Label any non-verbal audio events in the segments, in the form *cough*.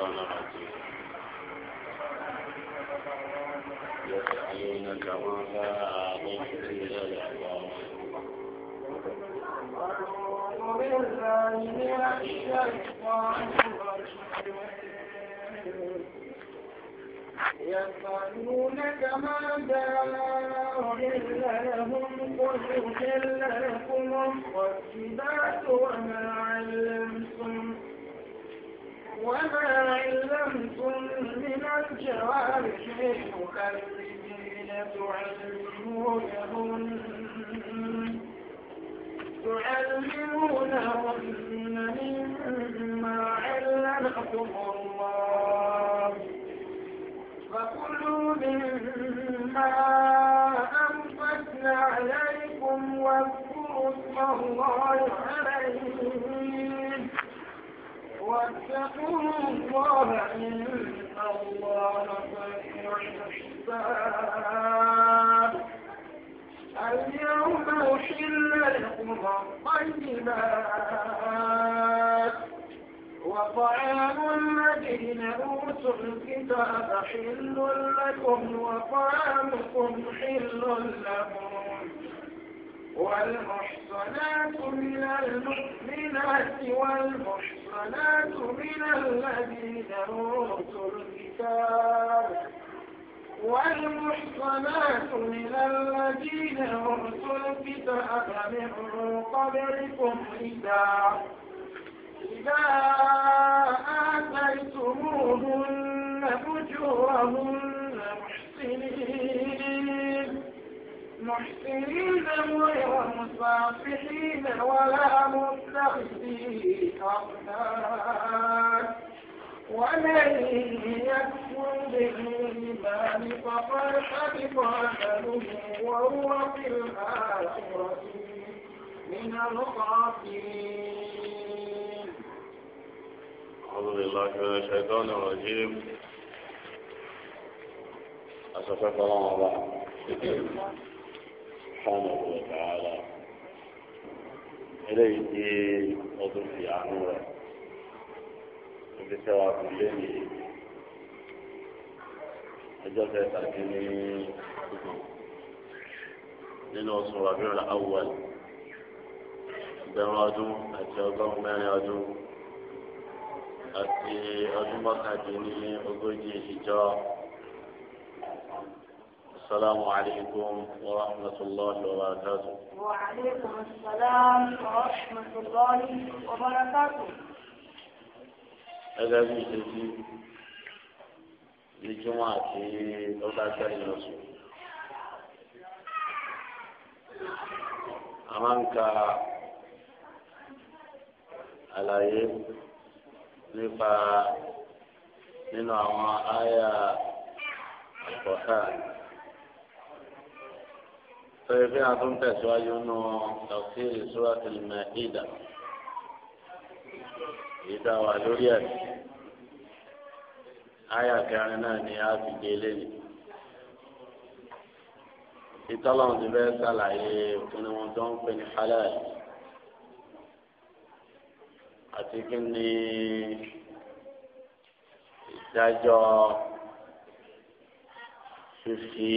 الشيطان الرجيم يسألونك ماذا أعطيت إلى الأحوال يسألونك ماذا أحل لهم قل أحل لكم الطيبات وما علمتم وما علمتم من الجوارح مكذبين تعلمونهن تعلمونهن مما علمكم الله فكلوا مما أنفتنا عليكم واذكروا اسم الله عليه واتقوا الله إن الله سريع الحساب اليوم أحل لكم الطيبات وطعام الذين أوتوا الكتاب حل لكم وطعامكم حل لهم والمحصنات من المؤمنات والمحصنات من الذين أوتوا الكتاب والمحصنات من الذين أوتوا الكتاب من قبلكم إذا إذا آتيتموهن أجورهن محسنين محسنين غير مصافحين ولا متخذي أخلاق ومن يكفر بالإيمان فقد حفظ أهله وهو في الآخرة من الخاسرين أعوذ بالله من الشيطان الرجيم أسفك الله subhanahu wa ta'ala eléyìí tí ọdún fi àánú rẹ̀ ibi tí wàá fi lé ní ẹjọ́ kẹta kí ní nínú oṣù Rabiul Awwal ẹgbẹ̀rún ọdún àti ọgọ́rùn mẹ́rin ọdún àti ọdún mọ́kàdínlógójì ìjọ. السلام عليكم ورحمة الله وبركاته وعليكم السلام ورحمة الله وبركاته أجل جدي لجمعة أولاك الرسول أمانك àlàyé nípa nínú àwọn àyà àkọ́kọ́ sọ̀rọ̀ bí a tún tẹ̀síwájú nù tafsiri suratul Maida èyí tá a wà lórí ẹ̀ àyà kẹrin náà ni a fi dé lẹ́nu ìtọ́lọ́run ti fẹ́ sàlàyé òfin wọn tó ń pè ní halal àti kí ni ìdájọ́ fífi.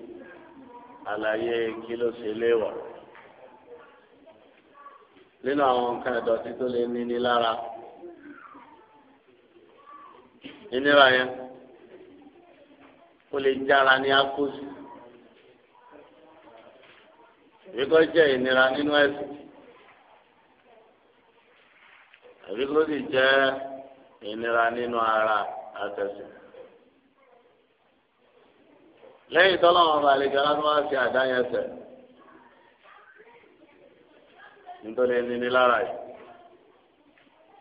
àlàyé kí ló ṣe léwọ̀ nínú àwọn nǹkan ìdọ̀tí tó lè ní ní lára ìnira yẹn ó lè jára ní akóso èyí kò jẹ́ ìnira nínú ẹ̀sìn èyí kò sì jẹ́ ìnira nínú ara àtẹ̀sìn lẹ́yìn tọ́lọ́wọ́n ọba àlejò alágbọ́n ṣe àdáyẹsẹ̀ nítorí ẹni ní lára yìí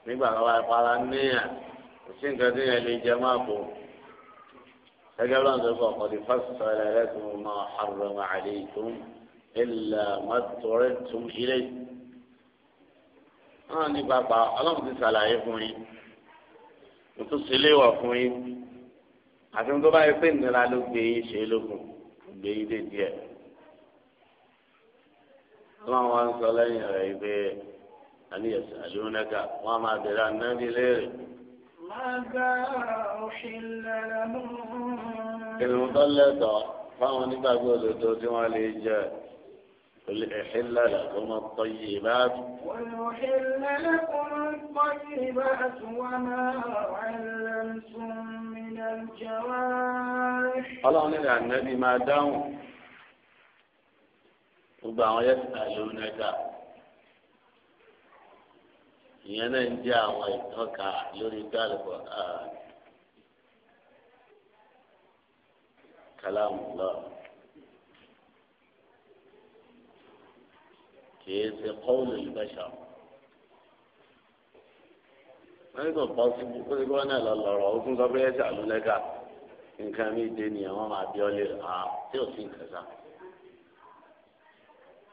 nígbà tó bá para níyà kò sí nǹkan tí yẹn lè jẹ máa bò gẹ́gẹ́ bí wọ́n ti kọ́ ọ̀pọ̀ di fásitì ọ̀la ẹlẹ́sìn mọ́ àrùnmọ́ àlè tó ń mọ́tòrẹ́ tó ilé. wọ́n ní pàpà ọlọ́run ti ṣàlàyé fún yín kò tún sílé wà fún yín. àfi tó bá yẹ pé ìnira ló gbé yín ṣe lókun gbé yín dé díẹ̀ wọn wá ń sọ lẹ́yìn rẹ̀ yìí pé àníyàsí àlùmọ́nẹ́gà wọn máa bẹ̀rẹ̀ ànábì léèrè. màgà òṣìlẹ̀ lẹ́nu. ìrùn tó lẹ́tọ̀ fáwọn onígbàgbọ́ òdodo tí wọ́n lè jẹ́ tó tó bá tù. kò tó أحل لكم الطيبات tù wọn náà الطيبات وما tún. ọlọ́run nílẹ̀ ànábì máa dáhùn gbogbo àwọn yẹ́sìtà lóun náà ìyẹn náà ń jẹ́ àwọn ìtọ́ka lórí dálùkọ̀ kàlámù lọ. kìí ṣe kọ́ọ̀lù ìbáṣà wọ́n ní kò pọ́ náà lọ lọ́rọ̀ ó tún sọ pé ẹ̀ṣẹ̀ nǹkan mi dé nìyẹn wọ́n máa bí ọ lè tí ò sí nǹkan sá.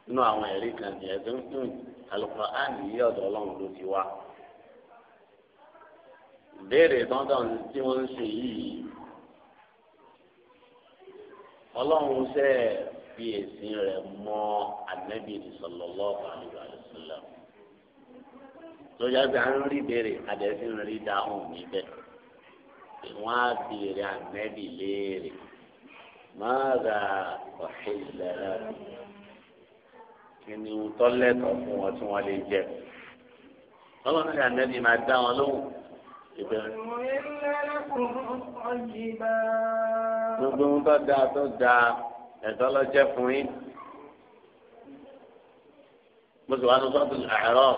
inú àwọn ẹ̀rí kan nìyẹn tó ń kún àlùkò áàdì yí ọ̀dọ̀ ọlọ́run ló ti wá. ìbéèrè tọ́ntàn tí wọ́n ń ṣe yìí ọlọ́run sẹ́ẹ̀ fi èsì rẹ̀ mọ́ ànábì sallallahu alaihi wasallam lọ́jà bí a ń rí béèrè àdẹ́sí ń rí dáhùn níbẹ̀ ìwọ́n á béèrè àmẹ́bí léèrè máàdà ọ̀hìnlẹ́rẹ́ kìnnì tọ́lẹ̀tọ̀ fún wọn tí wọ́n lè jẹ ọlọ́run ní àmẹ́bí máa dá wọn lóhùn ìbẹ̀rẹ̀. gbogbo ohun tó dáa tó dáa ẹ̀tọ́ lọ jẹ́ fún yín. mo sì wá lọ sọ́dún àárọ̀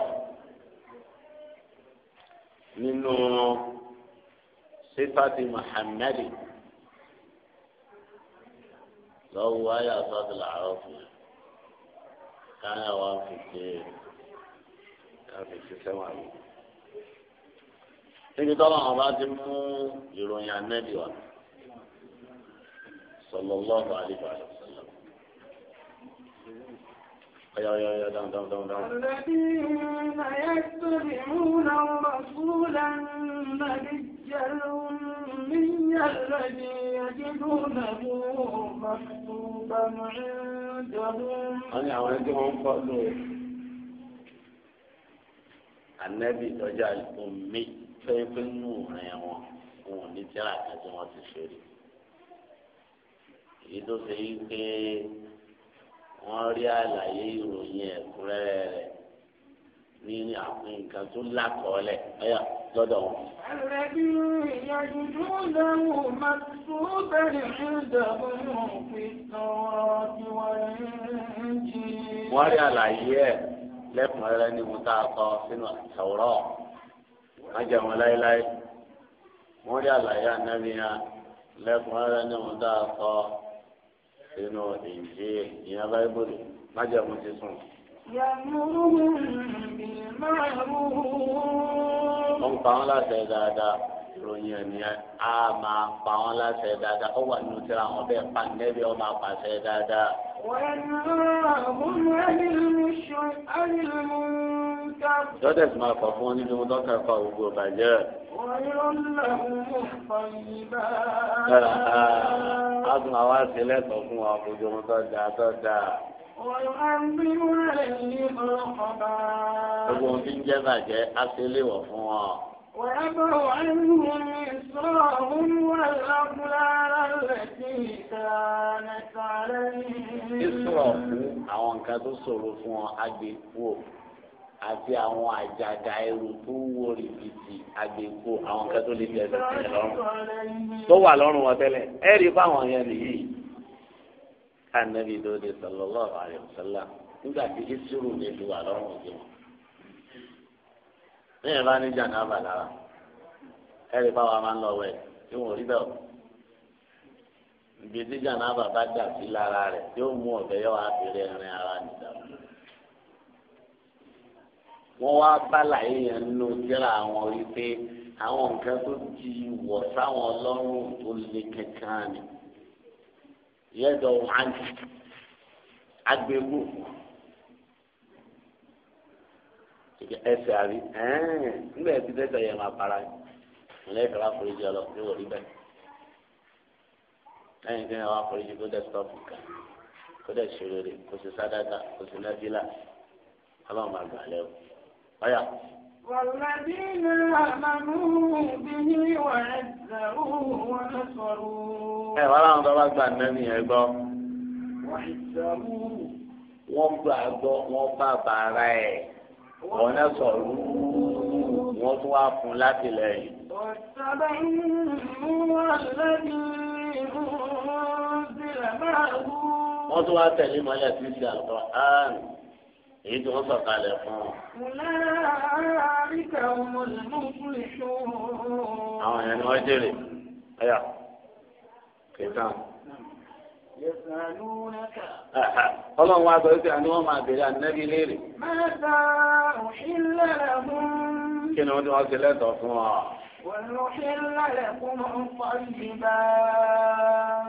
nínú sifati muhammadi lọ́wọ́ ayé àtọ́jú làárọ̀ fún mi káyà wá fi ṣe káfi ṣiṣẹ́ wà mí. níbi tọ́lọ́ àwọn bá ti mú ìròyìn anẹ́bí wa sallallahu alaihi wa sallam. الذين يتبعون الرسول النبي الأمي الذي يجدونه مكتوبا عندهم أنا عندهم قالوا النبي تجعل أمي فيقنون يا wọn òun ní tíra kan tí wọn ti ṣe rí èyí tó ṣe yí pé wọ́n rí àlàyé ìròyìn ẹ̀kúnrẹ́rẹ́ rẹ̀ ní àwọn nǹkan tó lákọọ́lẹ̀ ẹ̀yà lọ́dọ̀ wọn. Àlẹ́bí ìyàjú tó lẹ́wọ̀ máa tó bẹ̀rẹ̀ ní ìdàgbọ́n òfin náà tí wọ́n ń jí. Wọ́n rí àlàyé ẹ̀ lẹ́kùnrẹ́rẹ́ ní mo tá a kọ sínú àtàwòrán má jẹ́ wọn láéláé. Wọ́n rí àlàyé ànábìyàn lẹ́kùnrẹ́rẹ́ ní mo tá a kọ sínú ìjì ìyẹn báíbùlì májàmú ti sùn. ó ń pa wọn láṣẹ dáadáa ròyìn ènìyàn á máa pa wọn láṣẹ dáadáa ó wà nínú tíra àwọn bẹ́ẹ̀ pa nẹ́bí ó máa pàṣẹ dáadáa. Jọ́dẹ̀ sì máa fà fún wọn nínú dọ́kà fa gbogbo ìbàjẹ́. A tún àwa ṣe lẹ́tọ̀ọ́ fún wa fojú wọn tó dáa tó dáa. Gbogbo ohun tí ń jẹ́ bàjẹ́ á ṣe léwọ̀ fún wọn. وعفوا عنهم إصرارهم والأغلال التي كانت عليهم إصرارهم àwọn nǹkan tó ṣòro fún ọ agbègbò àti àwọn àjàgà ẹrù tó wọ rìbìtì agbègbò àwọn nǹkan tó lè fi ẹsẹ̀ sílẹ̀ lọ́rùn tó wà lọ́rùn wọn tẹ́lẹ̀ ẹ fáwọn yẹn nìyí ká nàbì dòde sallallahu alaihi wasallam nígbà tí ìṣirò lè lu wà òjò wọn lẹ́yìn bá ní jàǹdàbà lára ẹ̀rí báwa máa ń lọ wẹ̀ tí wọ́n rí bẹ́ẹ̀ o ibi tí jàǹdàbà bá dà sí lára rẹ̀ yóò mú ọ̀bẹ yóò wá fèrè ẹ̀rín ara nìjà wọ́n wá bàlàyé yẹn nínú jẹ́ra àwọn rí pé àwọn nǹkan tó di wọ̀ sáwọn ọlọ́run tó le kankan ni yẹ́dọ̀ wọ́n á gbé ẹsẹ̀ àbí nígbà tí tẹ́tẹ̀ yẹn máa para yìí ìlẹ́ ìfẹ́ wàá foríjì ọ lọ ní wòlí bẹ́ẹ̀ lẹ́yìn tí wọ́n wá foríjì kó dẹ̀ stọ́ọ̀pù kan kó dẹ̀ ṣe rere kó sì sádàkà kó sì náfìlà ọlọ́run máa gbà lẹ́wọ̀ ọ̀yà. والذين آمنوا به وعزروه ونصروه. ẹ wàá làwọn tó bá gba nẹ́ẹ̀mí وعزروه. wọ́n gbà wọn náà sọ̀rọ̀ wọn tún wá fún láti lẹ́yìn. wọ́n tún wá tẹ̀lé mọ́lẹ̀ tí ń ṣe àlùkò áàrùn èyí tí wọ́n sọ̀kalẹ̀ fún àwọn èèyàn ni wọ́n jèrè. ẹ̀yà kìtàn ọlọ́run wa sọ wípé àní wọ́n máa bèrè ànábì léèrè. mẹ́ta òṣìlẹ̀ lẹ́kùn. kí ni wọ́n ti wọ́n ti lẹ́tọ̀ọ́ fún ọ.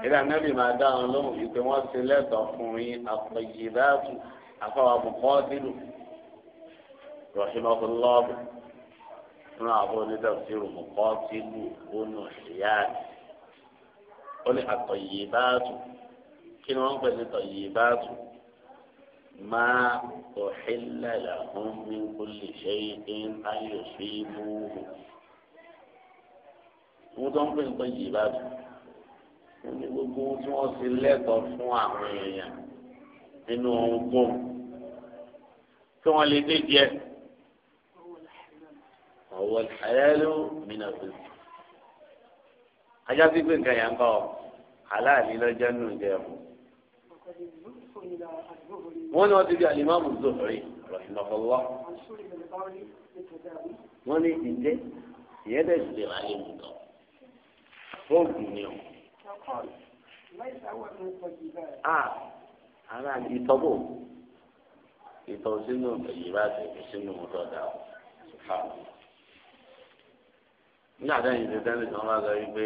Ilé ànábì máa dá àwọn lóhùn yìí pé wọ́n ti lẹ́tọ̀ọ́ fún yín àpèjìbáàtù àfọwọ́ àbùkọ́ dìlù. Rọ̀ṣìmọ́kùnlọ́ọ̀bù fún àwọn onídàbọ̀sírù mọ̀kọ́ dìlù Ó ní àpèjìbáàtù kí ni wọ́n ń pè ní tayyibatu ma uhilla lahum min kulli shay'in an yusibuhu. wọ́n tó ń pè ní tayyibatu wọ́n ní gbogbo tí wọ́n ti lẹ́tọ̀ọ́ fún àwọn èèyàn nínú ohun gbòm kí wọ́n lè dé díẹ̀ ọ̀wọ́ àyálò mìíràn fún mi. ajá pípé nǹkan yà ń bá aláàlí lọ́jọ́ nù jẹun wọ́n ní wọ́n ti di alimami zohri rahimahulwa wọ́n ní ìdílé ìyẹn dẹ̀ ti rà lé mu lọ fóònù ni o. a ara ìtọ́bù ìtọ́ sínú èyí bá ti fi sínú mọ́tò dà o nígbà tí a yìí ti tẹ́lẹ̀ tí wọ́n bá sọ wípé.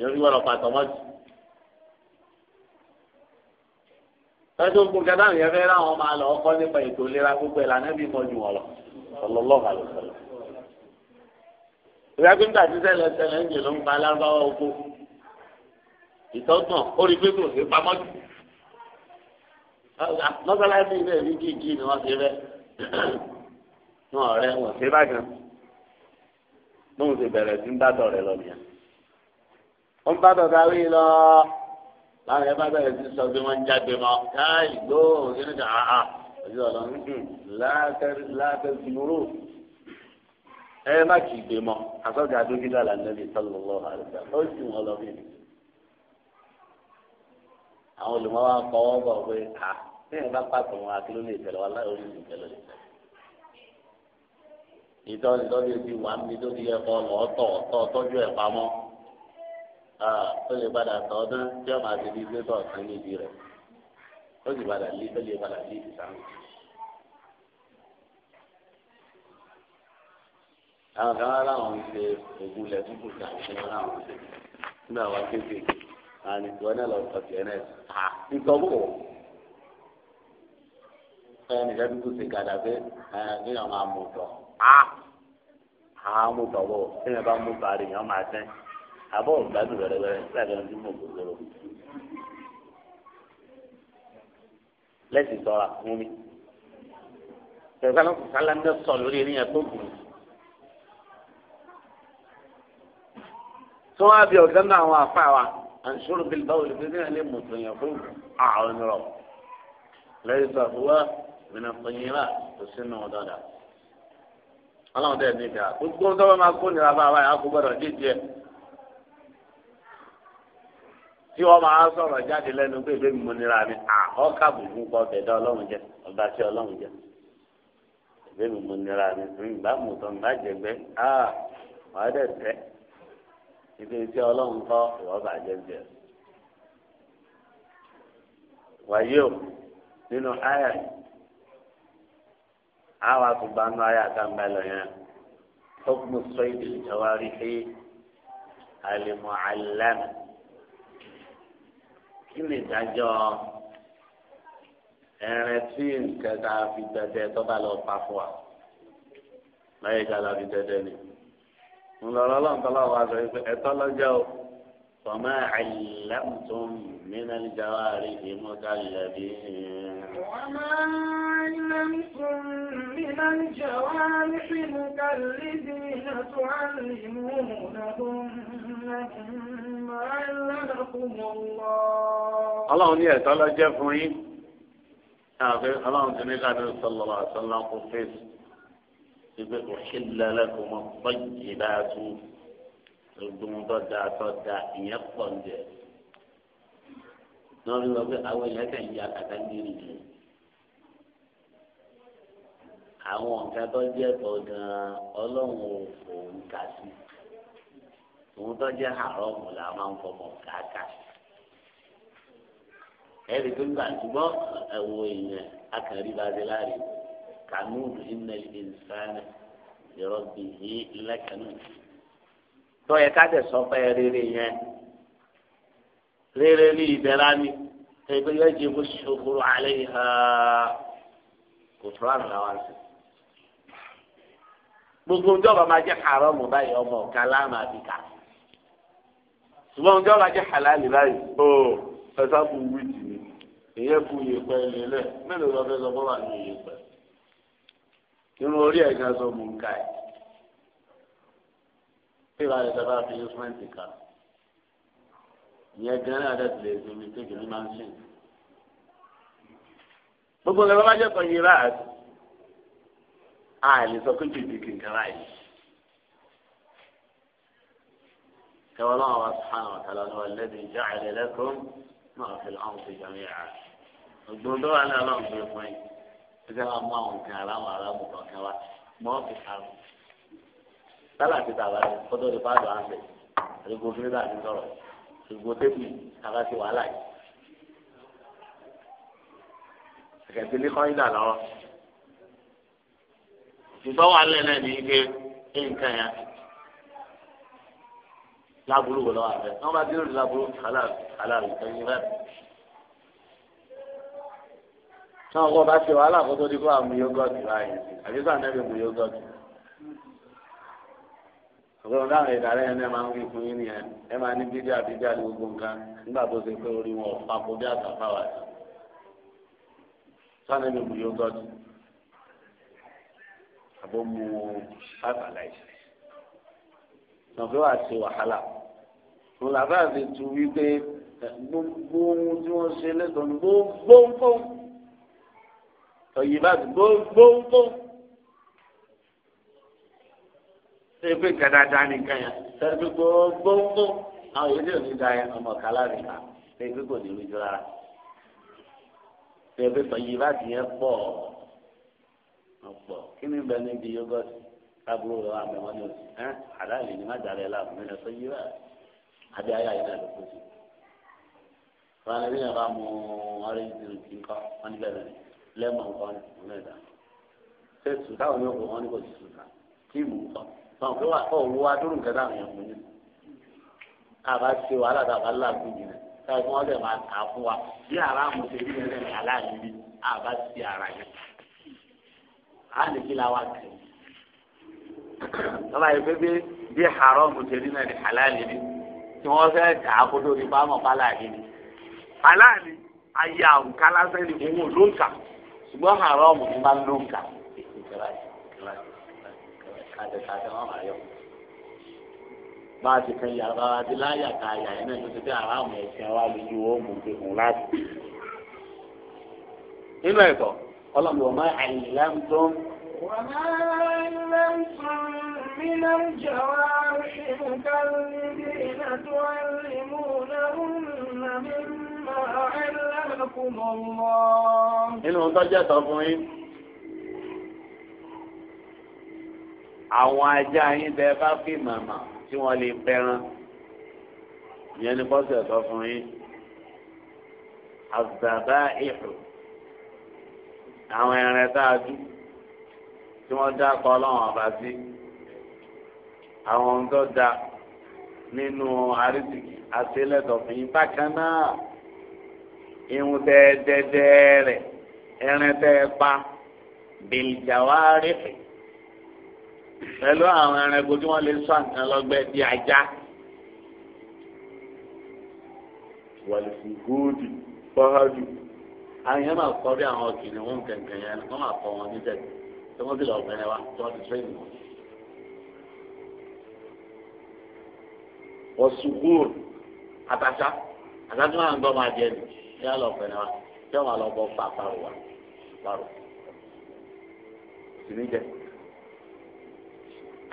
yóò rí wọn lọ pàtó mọ́jú. tọ́jú gbogbo kẹta àwọn yẹn fẹ́ láwọn máa lọ kọ́ nípa ètò ìlera gbogbo ìlànà bí mọ́jú wọn lọ sallallahu alaihi wasallam. ìyá gbígbà tí ṣẹlẹ̀ ṣẹlẹ̀ ń jè ló ń pa alárúbáwá oko ìtọ́gbọ̀n ó rí pé kò sí pamọ́jú. mọ́sálásí ilé ìlú kìkì ni wọ́n ti rẹ́ wọn ọ̀rẹ́ wọn ṣe bá gan lóun ti bẹ̀rẹ̀ sí ń bá tọ̀ rẹ̀ wọn bá bàbá wí lọ láwọn yẹn bá bẹ̀rẹ̀ sí sọ bí wọ́n ń jáde mọ́ káyì gbóò kí ni kà á ah, ah. ojú ọ̀nà ń dùn láàtẹ̀ ìmúrò ẹ má kì í gbé mọ́ àtọ́jà dókítà lànàbí sallallahu alaihi wasallam ó sì wọ́n lọ bí àwọn olùmọ̀ wa kọ́ wọ́n pé à bẹ́ẹ̀ bá pàtó wọn akíló lè tẹ̀lé wọn láyé orí ìtẹ̀lé lè tẹ̀lé. ìtọ́ni tọ́jú ti wà níbi tó ti yẹ kọ́ ọ̀tọ̀ ọ̀tọ̀ tọ́jú ẹ̀ pamọ́ ó lè padà sọ ọdún tí ọmọ àti ibi gbé bọ̀ sí níbi rẹ̀ ó sì padà lé ó lè padà lé ìdí sáwọn. àwọn kan wá láwọn ń ṣe ògùn ilẹ̀ tó kù sí àwọn kan wá láwọn ń ṣe nígbà wá kéékèèké àní ìwọ náà lọ sọ tiẹ̀ náà ta nǹkan wọ́n. ẹ nìkan tó kù gàdá pé ẹ kí ni àwọn amòtọ̀ á àmútọ̀ wọ̀ kí ni bá mú bàárẹ̀ yẹn máa tẹ́ àbọ̀ ògbádùn wẹ́rẹ́wẹ́rẹ́ láti ọdún mọ̀ gbogbo lẹ́sìn sọ̀rọ̀ fún mi tẹ̀sán ló sálá ń sọ lórí ẹ̀yìn tó gùn. tó wá bí ọ̀gá náà àwọn afá wa àǹṣúrù bíi báwo lè fi ní ẹ̀lẹ́ mùsùlùmí fún àwọn ọ̀rọ̀ lẹ́yìn tó àfọwọ́ mìíràn fún yín rà kò sínú ọ̀dọ́dà. ọlọ́run dẹ̀ níta gbogbo tó bá máa kó nira bá wa yà á kó gbọ́dọ̀ dídì tí wọ́n máa sọ̀rọ̀ jáde lẹ́nu pé ìbéèrè mo nira mi àhọ́ kàbùkù kọ́ bẹ̀dẹ̀ ọlọ́run jẹ ọba tí ọlọ́run jẹ ìbéèrè mo nira mi fún ìgbà mọ̀tọ́ ìgbà jẹgbẹ́ áà wàá dẹ̀ tẹ́ ibi tí ọlọ́run kọ́ ìwọ́ba jẹjẹ. wàyí o nínú àyà àwọn àtúgbà nínú àyà àtàǹbà lọ yẹn tó kún sọ ìdìlì jọwárí pé àlè mọ̀ mi kí ni ìdájọ́ ẹ̀rẹ̀ tí nǹkan tá a fi tẹ̀tẹ̀ tó bá lọ pa fún wa láyé ká la fi tẹ̀tẹ̀ ni ńlọrọ̀ lọ́nkọ́lá wa sọ pé ẹ̀tọ́ lọ́jọ́ o fọmọ àìlẹ́mùtún mí náà jáwárí ìmúkàlẹ́bí. منكم من الجوانح مكلفين تعلمونهن مما علمكم الله. الله يا الله جاء الله تعالى الله صلى الله عليه وسلم قفز أحل لكم الطيبات ردوم ضد عطاء يقضي. نعم لو أول لك إياك أتنجي àwọn nǹkan tó jẹ́ tọ́ gan-an ọlọ́run ò fòun kà sí òun tó jẹ́ àrọ́ọ̀mù là máa ń fọmọ kàákà ẹ̀rí tó gbà ṣùgbọ́n ẹ̀wọ̀ èèyàn akàrí bàjẹ́ láàrin kànúùdù innal insana li rabbihi lakanud tó yẹ ká tẹ̀ sọ́pẹ́ rere yẹn rere ní ìdẹ́ra ni ẹgbẹ́ yóò jẹ́ kó ṣòkòrò àlẹ́ yìí kò fúra nù làwọn àṣẹ gbogbo njọba máa jẹ haramu báyìí ọmọ kàlámà àbíkà ṣùgbọ́n njọba jẹ halali báyìí ó ẹ̀sà kù wíìtì ni èyẹ kù yèpẹ̀ lélẹ̀ mélòó lọ́fẹ́ sọ fún wa ní yèpẹ̀ irun orí ẹ̀ka sọ mú nǹka ẹ̀ bí wàá lè sábà fi instrumenti kà ìyẹn gan náà dẹ̀ tilẹ̀ ìsinmi kékeré máa ń sìn gbogbo nǹkan bá jẹ́ kọ́ yìí rà á sí a lè sọ pé gbèdéke nǹkan báyìí. كما الله سبحانه وتعالى هو الذي جعل لكم ما في الأرض جميعا الجندو على الأرض يطمئن إذا الله كان على مكوكبة ما في الأرض tala ti ta ìtọ́wọ́ alẹ́ náà ní ike ní nǹkan yẹn láburú wò lọ́wọ́ abẹ́ wọ́n bá bí lórí láburú halal halal ẹ̀yìn rẹ̀. náà wọ́n bá ṣe wàhálà kó tó di kó àmú yógọ́tì báyìí àbí sáà nẹ́bí mú yógọ́tì. ọ̀gbọ́n dáhùn ìdàrẹ́ yẹn náà máa ń wí fún yín nìyẹn ẹ máa ní bídíà bídíà ní gbogbo nǹkan nígbà tó ṣe pé orí wọn ò papò bí àtàfà wà sí. sáà mú yógọ́tì àbó mu five alive nàbẹ wàá ṣe wàhálà wọn làbẹ àti tu wípé gbogbo ohun tí wọn ṣe lẹsọ ní gbogbo ọyìn bá ti gbogbo ṣe pé kàdáadáa nìkan yẹn ṣe pé gbogbo àwọn yìí lè ní da yẹn ọmọ kálá nìkan ṣe pé kò ní rújú rárá ṣe pé ọyìn bá ti yẹn pọ̀ ọ́ ọ̀pọ̀ kí ni bẹ níbi yogọ̀tì kábúrò lọ àmì wọn ni òsì ẹ àdáàlì ni má dàrẹ láàbù mí lọ sọ yí rà adé ayé ayé náà ló kó sí. wọn ní bíyẹn bá mu ọrẹ́jì tó ti wọn ní bẹ́ẹ̀ ni lẹ́mọ̀ ń kọ́ ní ìpínlẹ̀ ìdá. ṣé sùtá òní òkú wọn ní kò sí sùtá tíìmù ń kọ́ wọn pé wà owó adúrú nǹkan táwọn èèyàn mú ní. àbá ṣe wàhálà tàbá láàbù yìí rẹ̀ káyọ̀ fún máa kà fún wa bí àrà àmọ̀ á lè kí la wá kiri tọ́ba yìí pé bí bí haramu ṣe rí náà ní halali ni tí wọ́n fẹ́ kà á kótó ní bámọ̀ fáláàlì ni halali ayé àwọn kálásẹ́ ni òun ò ló ń kà ṣùgbọ́n haramu ni máa ń ló ń kà bá a ti kan yàrá àti láyà ká yà ẹ̀ náà ló ti dé haramu ẹ̀sìn wa lójú ó mú kéwòn láti. nínú ẹ̀kọ́ ọlọ́run wọ̀ máa àìlám tó ń. من الجوارح مكلبين تعلمونهن مما علمكم الله. إنه تجد أبوين àwọn ajá yín bẹ bá fi màmá tí wọn lè pẹran ìyẹn ni bọ́sẹ̀ sọ fún yín àgbàbá ìhù àwọn ẹrẹ dáadú tí wọ́n dá kọ ọlọ́run ọba sí àwọn ohun tó da nínú àrísìkì àtẹlẹtọ fún yín bákan náà irun dẹdẹdẹ rẹ ẹrin tẹ ẹ pa bìlìjàwárí pẹ̀lú àwọn ẹrin kojú wọ́n lè sọ nǹkan lọgbẹ bíi ajá wàlùfù gúdù fọhádù àwọn yẹn máa kọ́ bí àwọn ọkìnrin wọn gẹ̀gẹ̀ yẹn wọ́n máa kọ́ wọn níbẹ̀ tí wọ́n ti lọ bẹ̀rẹ̀ wa tí wọ́n ti tẹ́ ìmọ̀. wọ́n sùkúrù àtàṣà àtàṣà máa ń gbọ́ máa jẹ nì tí wọ́n lọ bẹ̀rẹ̀ wa tí wọ́n máa lọ bọ́ fà parò wa parò sì ní jẹ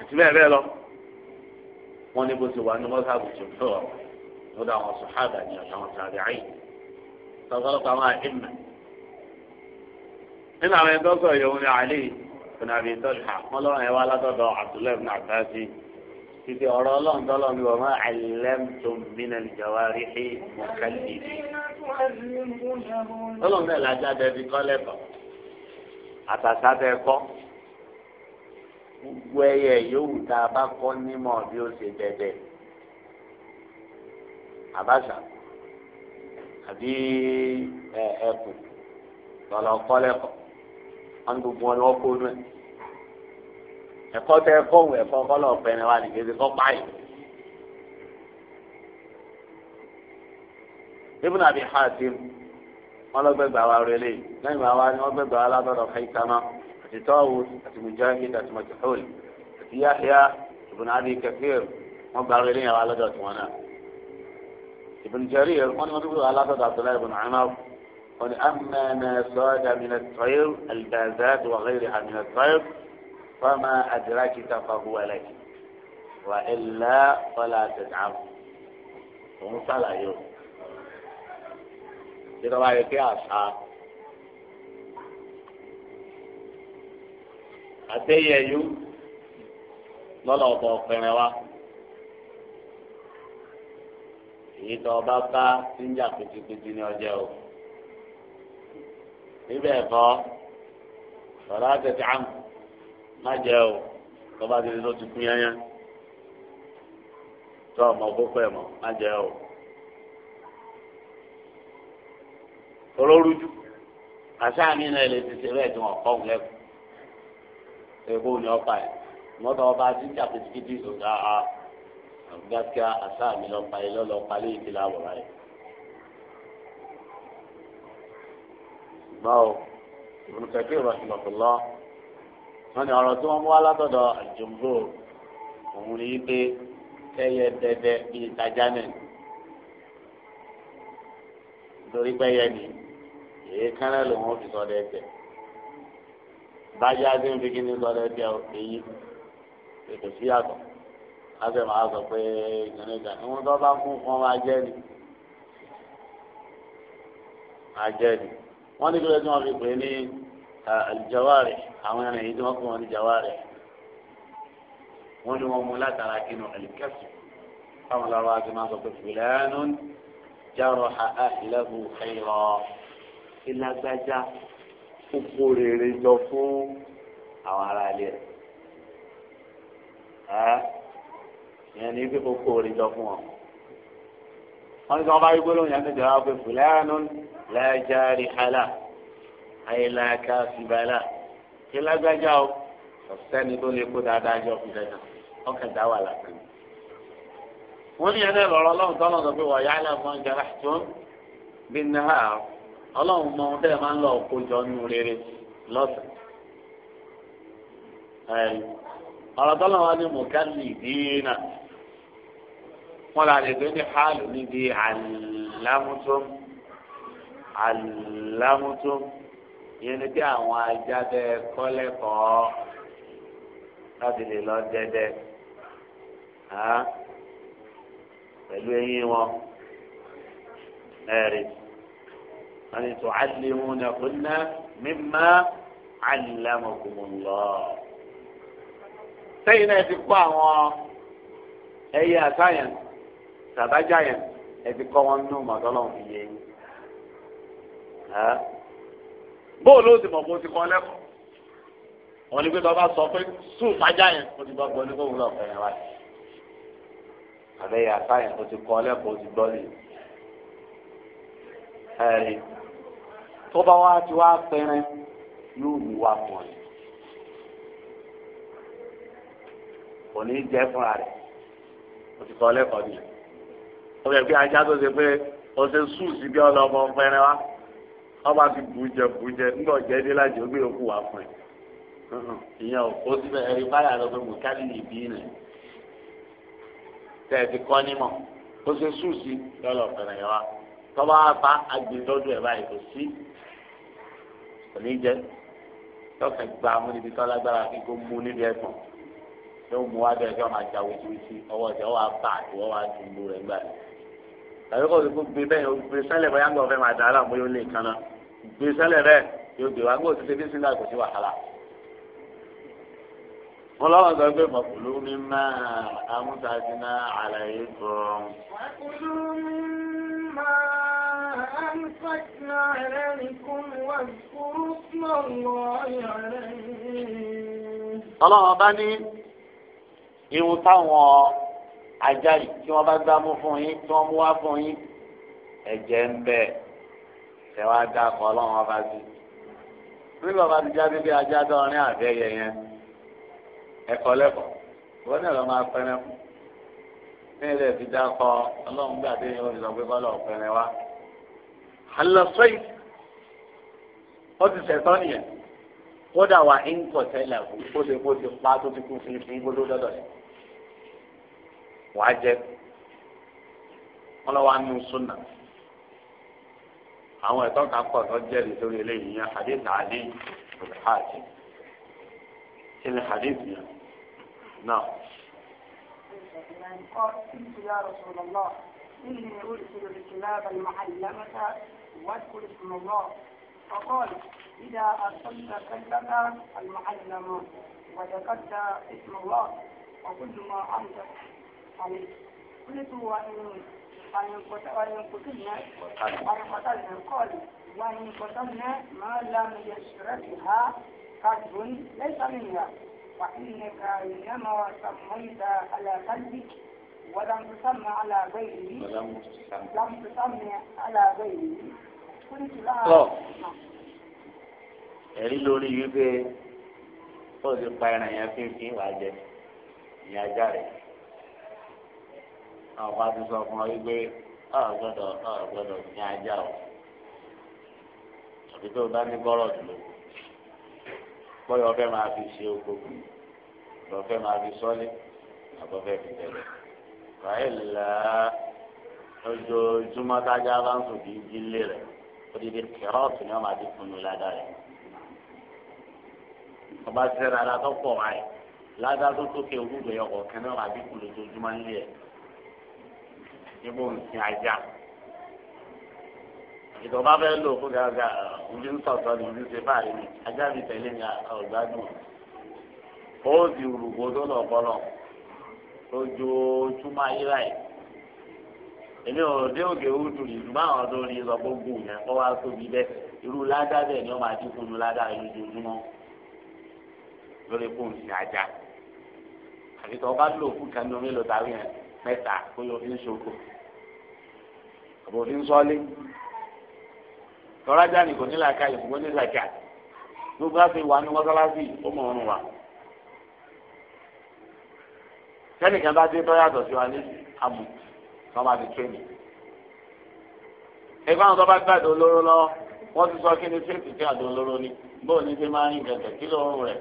àti bẹ́ẹ̀ bẹ́ẹ̀ lọ wọ́n ní bó ti wà ní mọ́sáàbù tó fẹ́ wà lọ́dọ̀ àwọn sùhádà ní àtàwọn tàbí àyè tọ́kọ́lọ́kọ́ àwọn àìmọ̀ nínú àwọn ẹni tó sọ yòówù ní Ali ibn Abi Talha wọn lọ́wọ́ ẹ wá látọ̀dọ̀ Abdullahi ibn Abbas títí ọ̀rọ̀ ọlọ́run tọ́lọ́ ni wọ́n máa àlẹ́m tó mìíràn ìjọba rí sí mọ̀kálì. ọlọ́run náà lájà dẹbi kọ́lẹ̀ bọ̀ àtàṣà tẹ kọ́ gbogbo ẹyẹ yòówù tá a bá kọ́ nímọ̀ bí ó ṣe dẹdẹ àbáṣà àbí ẹ̀ẹ́kù lọ́lọ́ kọ́lẹ̀ kọ́ wọn gbogbo wọn lọ kó nù ẹ ẹ̀kọ́ tẹ ẹ̀kọ́ òun ẹ̀kọ́ kọlọ pẹrẹ wa nìkan ẹsẹ kọ páyì. ibùdó àbí hàtìm wọn lọ gbẹgbẹ àwa rẹlẹ lẹ́yìn àwa ni wọn gbẹgbẹ àwa látọ̀dọ̀ haitama àti tọwù àti mujahid àti majahul àti yahya ibùdó àbí kẹfìr wọn gba rẹlẹ yẹn wa lọ́dọ̀ tiwọn náà ibùdó jẹrìí wọn ni wọn gbẹgbẹ àwa látọ̀dọ̀ abdullahi ibùdó àmàlù. قل اما ما زاد من الطير البازات وغيرها من الطير فما ادراك فهو لك وإلا فلا تتعب ثم صلى يوم في رواية أصحاب أتي يوم لا لا إذا بقى تنجح في تجيني أجاوب ibẹ̀ kọ́ sọ̀rọ̀ àtẹ̀tẹ̀ àmù má jẹ́ o tọ́ba ti di tó ti kú yányá tọ́ ọmọ kókó ẹ̀ mọ̀ má jẹ́ o. olórúdú àṣàmì náà lè ti ṣe bẹ́ẹ̀ tí wọ́n kọ́ òun lẹ́kọ̀ọ́ ni ọ̀pá ẹ̀ mọ́tò ọba ti ń jàpé tìkìtì ọ̀gá àgbàkíá àṣàmì lọ́pàá ẹ̀ lọ́lọ́pàá lè ti láwọ̀ báwo Ibn Kathir rahimahullah wọ́n ní ọ̀rọ̀ tí wọ́n mú wá látọ̀dọ̀ àjùmọ̀ òun ni pé kẹyẹ dẹdẹ bíi tajánẹ nítorí pẹyẹ ni èyí kánẹ lòun ò fi sọ dẹdẹ bájá tí ń fi kí ni sọ dẹdẹ èyí ètò sí àtọ̀ láti máa sọ pé ìgbìnìjà ìwọ̀n tó bá kún fún ọmọ ajẹ́ ni ajẹ́ ni wọ́n ní kílódé tí wọ́n fi pè ní aljawari àwọn ẹran èyí tí wọ́n pè wọ́n ní jawari wọ́n ní wọ́n mú látara kínú alikẹ́sì táwọn lọ́rọ́ àti máa sọ pé fìlẹ́nu járọ̀ àhìlẹ́hu ẹ̀yọ̀ ìlágbájá kókó rere jọ fún àwọn ará ilé rẹ̀ ẹ̀ ìyẹn ní kókó rere jọ fún wọn wọ́n sọ ọba igbó lóyún àti ìjọba pé fúlẹ́ẹ̀nù lẹ́jàrí hàlà àyèlàkà fìbàlà kí lágbájá o ọ̀sẹ́ni tó lè kó dáadáa jọ fi dandan ọkàn dá wà lásán. wọ́n ní ẹni lọ́rọ́ ọlọ́run tọ́lọ́ sọ pé wà á yálà fún ọjà tó bí náà ọlọ́run mọ ohun tẹ́lẹ̀ máa ń lọ kójọ nù rere lọ́sàn ọ̀rọ̀ tọ́lọ́ wa ní mọ̀kálì dìínà wọn là lè gbé ní hàlù níbi àlámútóm àlámútóm ìyẹn ni pé àwọn ajá bẹ kọ́lẹ́kọ̀ọ́ láti lè lọ dẹ́dẹ́ pẹ̀lú eyín wọn ẹ̀rí wọn ni tó alimu na kunna mímá alilamukumulọ. sẹ́yìn náà ti kó àwọn ẹyẹ àtàyàn sàbájá yẹn ẹbí kọ́ wọn nínú màdọ́lọ́hún fi yé yín. bóòlù ó ti mọ̀ bó ti kọ́ lẹ́kọ̀ọ́ wọn ni pé bàbá sọ pé sùn fàjá yẹn ó ti gbọ́ gbọ́ ní kó wúlò ọ̀fẹ́ yẹn wáyé. àbẹ́yẹ àká yẹn ó ti kọ́ lẹ́kọ̀ọ́ ó ti gbọ́ lè. ẹ̀rí tó bá wá ti wá pẹ́rẹ́ yóò mú wá pọ̀ ní. kò ní jẹ́ fúnra rẹ̀ ó ti kọ́ lẹ́kọ̀ọ́ nìyẹn ó yẹ kí ajá tó ṣe pé ọ̀sẹ̀ sùúsì bí ọlọ́mọ pẹrẹ wa ọba ti bùjẹ bùjẹ nígbà ọ̀jẹ̀ dé lájọ gbé òkú wa fún ẹ ìyẹn ò kó síbẹ̀ ẹ̀rí báyà lọ pé bùkálì nìbí nì tẹ̀ ti kọ́ nímọ̀ ó ṣe sùúsì lọ́lọ́ pẹrẹ wa tọ́ba bá agbèdọ́dún ẹ̀ báyìí kò sí kò ní jẹ́ tọ́ka gba mú níbi tọ́ lágbára kí kò mú níbi ẹ̀sán yóò mú wá bẹ́ẹ̀ kí wọ́n máa jà wíṣíwíṣí ọwọ́ ọ̀sẹ̀ ọwọ́ apá àti ọwọ́ àdúgbò rẹ̀ gbà tàbí kò sí kó gbé bẹ́ẹ̀ yóò gbé sẹ́lẹ̀ bẹ́ẹ̀ yàgbọ́ fẹ́ máa dà á là bóyá kan náà gbé sẹ́lẹ̀ bẹ́ẹ̀ yóò gbé wá gbé òtítẹ́ bí sílẹ̀ kò sí wàhálà. wọ́n lọ́wọ́ sọ pé mọ̀kùlù mi máa amúsàdínà àlàyé kan. mọ̀kùlù mi máa. أنفتنا عليكم واذكروا اسم الله عليه. ọlọ́run bá ní ihun táwọn ajá yìí tí wọ́n bá gbá mú fún yín tí wọ́n mú wá fún yín ẹ̀jẹ̀ ń bẹ ẹ wá dá kọ ọlọ́run ọba sí bí bàbá ti jáde bí ajá dọ́rin àbẹ́yẹ yẹn ẹ̀kọ́ lẹ́kọ̀ọ́ wọ́n náà lọ máa pẹ́rẹ́ fún ní ilé ti dá kọ ọlọ́run gbà dé yẹn ó ti sọ pé bọ́lá ọ̀pẹ̀rẹ̀ wá. àlọ́sọ́yì ó ti sẹ̀tọ́ nìyẹn kódà wà ń kọ̀ tẹ́lẹ̀ kó ṣe kó ti pa tó ti kú fífi kó tó dọ́dọ̀ yẹn wàá jẹ wọn lọ wá nù súnà àwọn ẹ̀tọ́ kan pọ̀ tó jẹ́rìí sórí eléyìí yẹn hadith ali rukhaati ṣe ni hadith yẹn náà. قلت يا رسول الله إني أرسل الكلاب المعلمة واذكر اسم الله فقال إذا أرسلت كلبك المعلم وذكرت اسم الله وكل ما أنت عليه قلت وإن وإن قتلنا وإن قتلنا قال وإن قتلنا ما لم يشربها قلب ليس منها وإنك إنما سميت على قلبك ولم تسمى على غيره ولم تسمى على غيره قلت لها ẹ̀rí lórí wípé tó ti pa ẹran yẹn fífi wàá jẹ ìyẹn ajá rẹ̀ àwọn àti sọ fún ọ wípé ọ̀gbọ́dọ̀ ọ̀gbọ́dọ̀ ní ajá o àbí tó o bá ní bọ́rọ̀ dùn lóko bọ́yọ̀ ọ̀fẹ́ máa fi ṣe oko lọ́fẹ́ máa fi sọ́lé àbọ̀fẹ́ fi tẹ̀lé wàhálà ojoojúmọ́ tájà bá ń sùn kì í jí lé rẹ̀ odidi kẹrọọtù ni wọn máa dín fún un ládàá rẹ ọba sẹrẹ alátọpọ wáyé ládàá tó tókè òwúrò yọkọ kẹmẹwàá dín fún un lójoojúmọ́ nílé ẹ. Ibu nǹkan ajá ìtọ́ba fẹ́ lò fún gàgà ojú ń sọ̀tọ̀ ní ojú ṣe báyìí ni ajá mi tẹ̀lé ní ọ̀gbádùn ó di olùkó tó lọ bọ́lọ̀ lójoojúmọ́ ayé láì èmi ò dé òkè òdù ìlú báwọn tó rí lọ gbogbo yẹn kó wá tóbi bẹ́ẹ̀ irú ládàá bẹ́ẹ̀ ni wọ́n máa dín kunu ládàá lójoojúmọ́ lórí kóńtì ajá àbí tọ́ba lò fún kánú mi lọ́tàrí yẹn mẹ́ta bóyá òfin ṣoko àbò òfin sọ́lé tọ́lájà nìkò nílà ká ìfowó nílà ká gbogbo àfi wà ní mọ́sálásí ó mọ̀ ọ́rùn wa sẹ́nìkan bá dé tọ́yàtọ̀ sí wa ní amù sọ́mà ti trémi ẹgbẹ́ àwọn tó bá gbàdọ̀ olóró lọ wọ́n ti sọ kí ni fíìsì tí àdó olóró ni bóun ní fi máa ń rìn gẹ̀gẹ̀ kí lóorùn rẹ̀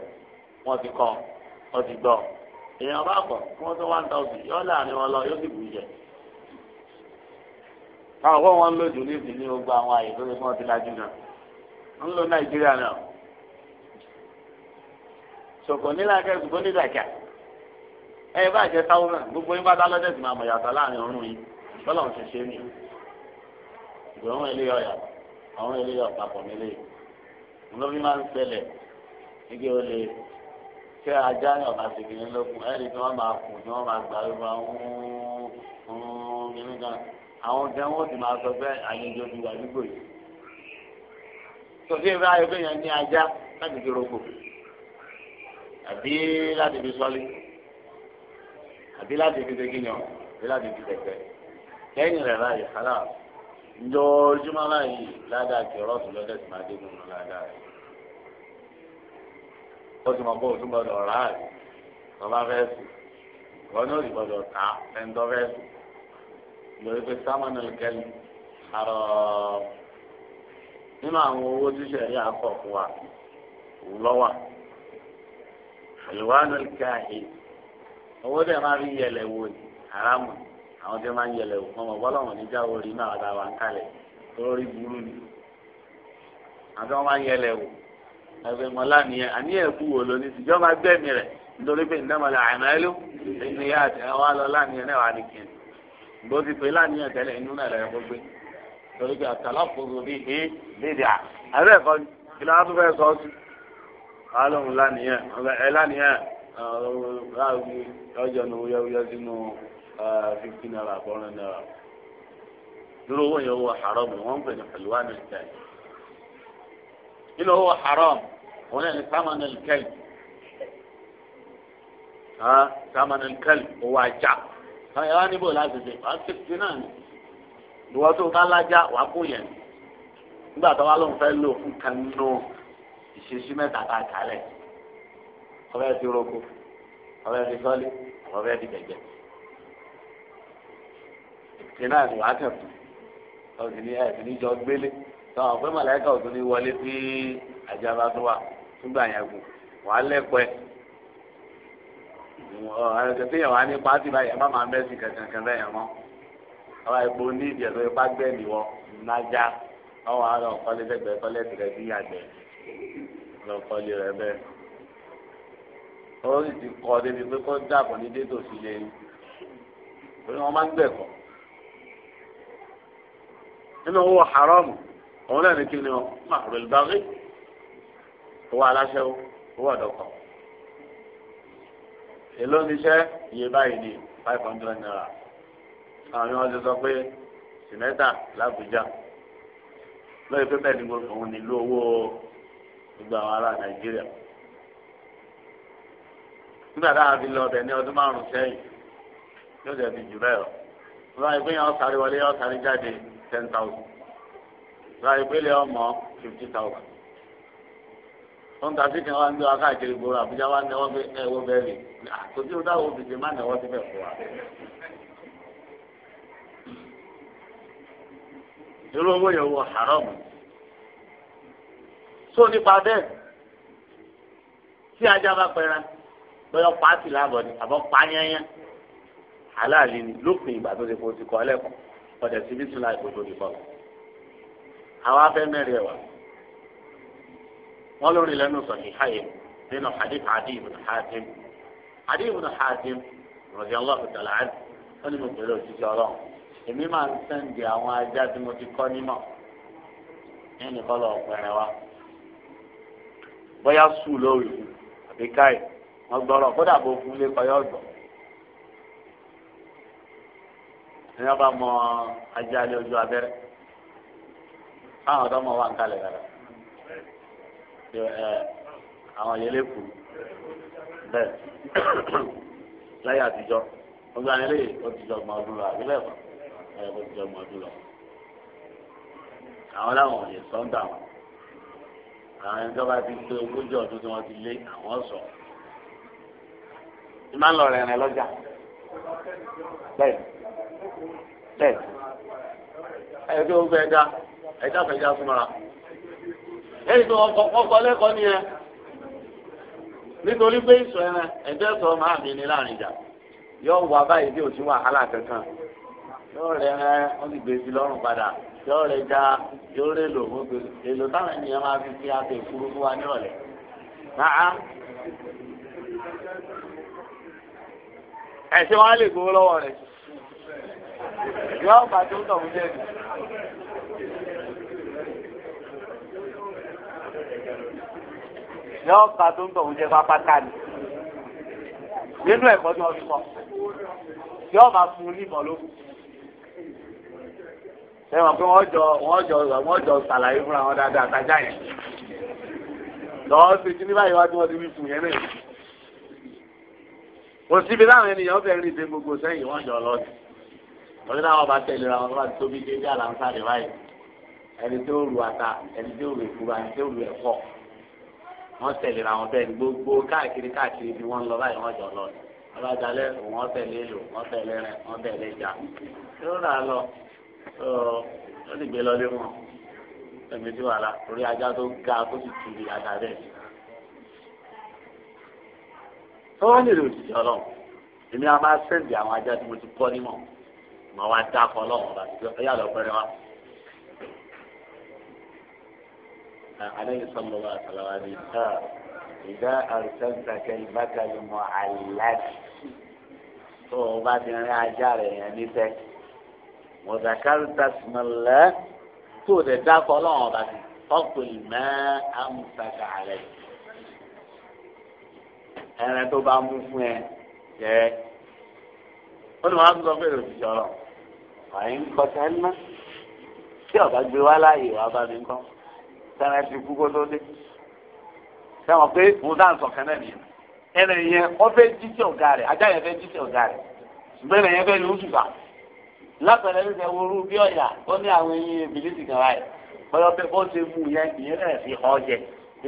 wọ́n ti kọ́ ọ ti gbọ́ ọ èèyàn bá kọ̀ kí wọ́n tó one thousand yọ láàrin wọn lọ yóò sì bù jẹ. káwọn kó wọn lòdù níbi ní gbogbo àwọn àyè tó lè fún ọtí lajú náà ń lo nàìjíríà náà sọ̀kò nílá kẹ́sùn kó nílá kíá ẹ bá jẹ táwọn náà gbogbo yín bá dá lọ́jọ́ ìgbìmọ̀ àmọ̀ yàtọ̀ láàrin ọ̀run yìí bọ́lá ń ṣiṣẹ́ ní ìgbòhùn eléyà ọ̀yà àwọn eléyà ọ̀pàpọ̀ nílé ìlú kí ajá ní ọ̀nà àtìkìrín lókun ẹ̀rí tí wọ́n máa kù tí wọ́n máa gbà lóra nínú gan àwọn gan wọ́n ti máa sọ pé àyànjọ ti wà nígbò yìí. sọfí ìfẹ́ ayọ̀fẹ́ yẹn ní ajá láti fi roko àbí láti fi sọ́lé àbí láti fi segíyàn àbí láti fi tẹ̀tẹ̀ lẹ́yìn rẹ̀ láyé kálá ǹjọ́ ojúmọ́ láyé ládàá kí ọlọ́sùn lọ́dẹ̀ sì máa dé nínú ládàá rẹ̀ ó ti mọ̀ pé òtún gbọdọ̀ rà á lọ́ba fẹ́ sùn wọn náà sì gbọdọ̀ tà á ẹ̀ńtọ́ fẹ́ sùn lórí pé sámánà kẹ́lí àrọ̀ nínú àwọn owó tí sẹ̀rí akọ̀ fún wa òun lọ́wà àlùwánà káàhì owó tẹ̀ máa fi yẹlẹ̀ wò ní haramu àwọn tẹ̀ máa yẹlẹ̀ wò ọmọ bọ́lá wọn níjà orí náà àtàwọn àǹkálẹ̀ lórí burú ni àti wọn máa yẹlẹ̀ wò. ẹ̀fẹ̀ mọ́lá nìyẹn àní ẹ̀kú wò lónìí tìjọ́ máa gbẹ̀mí rẹ̀ nítorí pé ìdámọ̀lá àmàlú ènìyàn àti àwọn alọ́ láàníyàn náà wà ní kìnnì bó ti pè láàníyàn tẹ́lẹ̀ inú náà lẹ́yìn gbogbo torí pé àtàlà fòrò bí i lédè à àbẹ́ ẹ̀kọ́ kí ló sọ sí alóhùn láàníyàn ẹ̀ láàníyàn ọjọ́ naira dúró owó yẹn haram ń pè ní owó haram. òun náà ní sámánà kẹ́lì sámánà kẹ́lì owó ajá ẹ wá níbò láti ṣe wá sí ti náà ni ìwọ tó bá lájá wà kó yẹn nígbà tó wá lóun fẹ́ lò fún kan nù ìṣesí mẹ́ta ká kálẹ̀ ọbẹ̀ ti roko ọbẹ̀ ti sọ́lé ọbẹ̀ ti jẹjẹ ìtìná ni wàá kẹ̀kọ́ ọ̀sìn ni ẹ̀sìn níjọ gbélé tọ́ ọ̀pẹ́ mọ̀lẹ́kà ọ̀tún ní wọlé sí àjàmbá tó wà nígbà yẹn gùn wàá lẹ́pẹ́ ẹ̀ẹ́dẹ̀gbẹ́yẹ̀ wàá nípa ti báyìí ẹ̀ má máa mẹ́sì kankan bẹ́yẹn mọ́ ọba epo ní ìdí ẹ̀sọ́ ipá gbẹ́mí wọ nájà ọwọ́ àárọ̀ kọ́lé lẹ́gbẹ̀ẹ́ kọ́lé tìrẹ bí àgbẹ̀ lọ kọ́lé rẹ bẹ́ẹ̀. ó sì ti kọ́ débi pé kó dàbọ̀ ní dédò sí lé ní wọ́n máa ń gbẹ̀kọ́. nínú owó haram òun náà ní kí ni ọ máa rẹ̀ lùbáwí owó aláṣẹwó owó ọ̀dọ́kọ̀ èló níṣẹ́ iye báyìí ni five hundred naira àwọn yìí wọ́n ti sọ pé sìmẹ́tà làbújá lóye pé bẹ́ẹ̀ ni gbogbo òun nílò owó gbogbo àwọn ará nàìjíríà nígbà táwọn fi lọ ọbẹ̀ ní ọdún márùn-ún sẹ́yìn yóò jẹ́ ti jù bẹ́ẹ̀ lọ lọ́wọ́ ìpín yẹn ọ̀sáré wọlé ọ̀sáré jáde ten thousand lọ́wọ́ ìpínlẹ̀ ọmọ fifty thousand wọn ta sí kí wọn gbé wa káàkiri gbòòrò àbújá wa náwó pé ẹ wo bẹ́ẹ̀ ni àtòjú táwọn òbíṣe má náwó síbẹ̀ fún wa. irú owó yẹn wọ haram tó nípa bẹ́ẹ̀ tí ajá bá pẹran bóyá pàtì láàbọ̀ ni àbọ̀ pààyàn aláàlí ni lópin ìgbà tó ti kó ti kọ́ ẹlẹ́kọ̀ọ́ síbí tún láì kó tó ti kọ́ àwọn afẹ́ mẹ́rin ẹ̀ wọn lórí lẹ́nu sọ̀hìnháyé nínú hadith Adi ibn Hatim Adi ibn Hatim radiyallahu ta'ala anhu wọn ni mo pèlè òjijì ọlọ́run èmi máa ń sẹ́ǹdì àwọn ajá tí mo ti kọ́ nímọ̀ ẹnì kan lọ pẹ̀rẹ̀ wa bóyá sùn lórí àbí káyì wọn gbọ́rọ̀ kódà bó fún ilé kọyọ́ ọ̀gbọ̀n. ní wọn bá mọ ajá lé ojú abẹ́rẹ́ fáwọn ọ̀dọ́ mọ̀ wá ń kalẹ̀ rárá ṣe ẹ àwọn yẹlẹ́kù bẹ́ẹ̀ láyé àtijọ́ gbogbo àwọn eléyìí ó ti jọ gbọ́n ọdún lọ àbí bẹ́ẹ̀ kọ́ ẹ̀ ó ti jọ gbọ́n ọdún lọ. àwọn láwọn ò lè sọ ń dà wọn àwọn ẹni tó bá ti pé ogójì ọdún tí wọ́n ti lé àwọn sọ. ìmá lọ rẹ̀ rìn lọ́jà bẹ́ẹ̀ bẹ́ẹ̀ ẹ̀ tó ń fẹ́ dá ẹ̀ dá fẹ́ dá súnmọ́ra. lẹ́yìn tó wọ́n kọ́ lẹ́kọ̀ọ́ ni ẹ nítorí pé ìsọ ẹran ẹ̀jẹ̀ sọ máa mi ní láàrin ìjà yóò wà báyìí bí kankan yóò rẹ ẹran wọ́n sì gbé sí padà yóò rẹ já yóò rẹ lò ó gbé èlò táwọn ènìyàn máa fi fi abẹ wa náà ẹ̀sìn wọn lè gbowó lọ́wọ́ yóò yọ ọ̀ka tó ń tọ̀ oúnjẹ pápátá ni nínú ẹ̀kọ́ tí wọ́n fi kọ́ yọ ọ̀ máa fún un nímọ̀ lókun ẹ mọ̀ pé wọ́n jọ wọ́n jọ wọ́n jọ sàlàyé fúnra wọn dáadáa àtàjà yẹn lọ́wọ́ ṣe kí ní báyìí wá tí wọ́n ti wí fún yẹn náà kò síbi láwọn ènìyàn fẹ́ rìn dé gbogbo sẹ́yìn wọ́n jọ lọ sí wọ́n ní láwọn bá tẹ̀lé ra wọn lọ́wọ́ tóbi dé bí àlàǹsà rẹ̀ báyìí ẹni tí rù ata ẹni tí rù èkúrò àti tí rù ẹ̀fọ́ wọ́n tẹ̀lé ra wọn bẹ́ẹ̀ gbogbo káàkiri káàkiri bí wọ́n lọ báyìí wọ́n jọ lọ alájálẹ̀ wọ́n tẹ̀lé lò wọ́n tẹ̀lé rẹ̀ wọ́n tẹ̀lé jà ìrora lọ ó sì gbé lọlé wọn ẹ̀mí tí wàhálà orí ajá tó ga tó sì tù ní àdá bẹ́ẹ̀. tó wọ́n nílò òjijì ọlọ́run èmi a máa sẹ́ǹdì àwọn ajá tí mo ti kọ́ nímọ̀ màá wá dákọ̀ ọlọ́run ọba ẹ̀yà lọ́pẹ́rẹ́ wa. عليه صلى الله عليه وسلم إذا أرسلت كلبك المعلق تو بعد يعني عجارة يعني تك وذكرت اسم الله تو ده ده فلان بس فقل ما أمسك عليك أنا تو بامفوه يعني قل ما أمسك عليك وإن قتلنا كيف أجبوا لا يوابا منكم sẹ́rẹ̀ ti kú kó tó dé sẹ́wọ̀n pé òun náà sọ̀kẹ́ náà nìyẹn ẹnì yẹn wọ́n fẹ́ jí sí ọ̀gá rẹ̀ ajá yẹn fẹ́ jí sí ọ̀gá rẹ̀ ṣùgbọ́n ẹnì yẹn fẹ́ lu oṣù fà látọ̀rẹ́ ní sẹ́ wọ́rú bí ọ̀yà ó ní àwọn eyín ìbílísì kan láyé bọ́lá pé bó ṣe mú yẹn ìyẹn náà fi hàn jẹ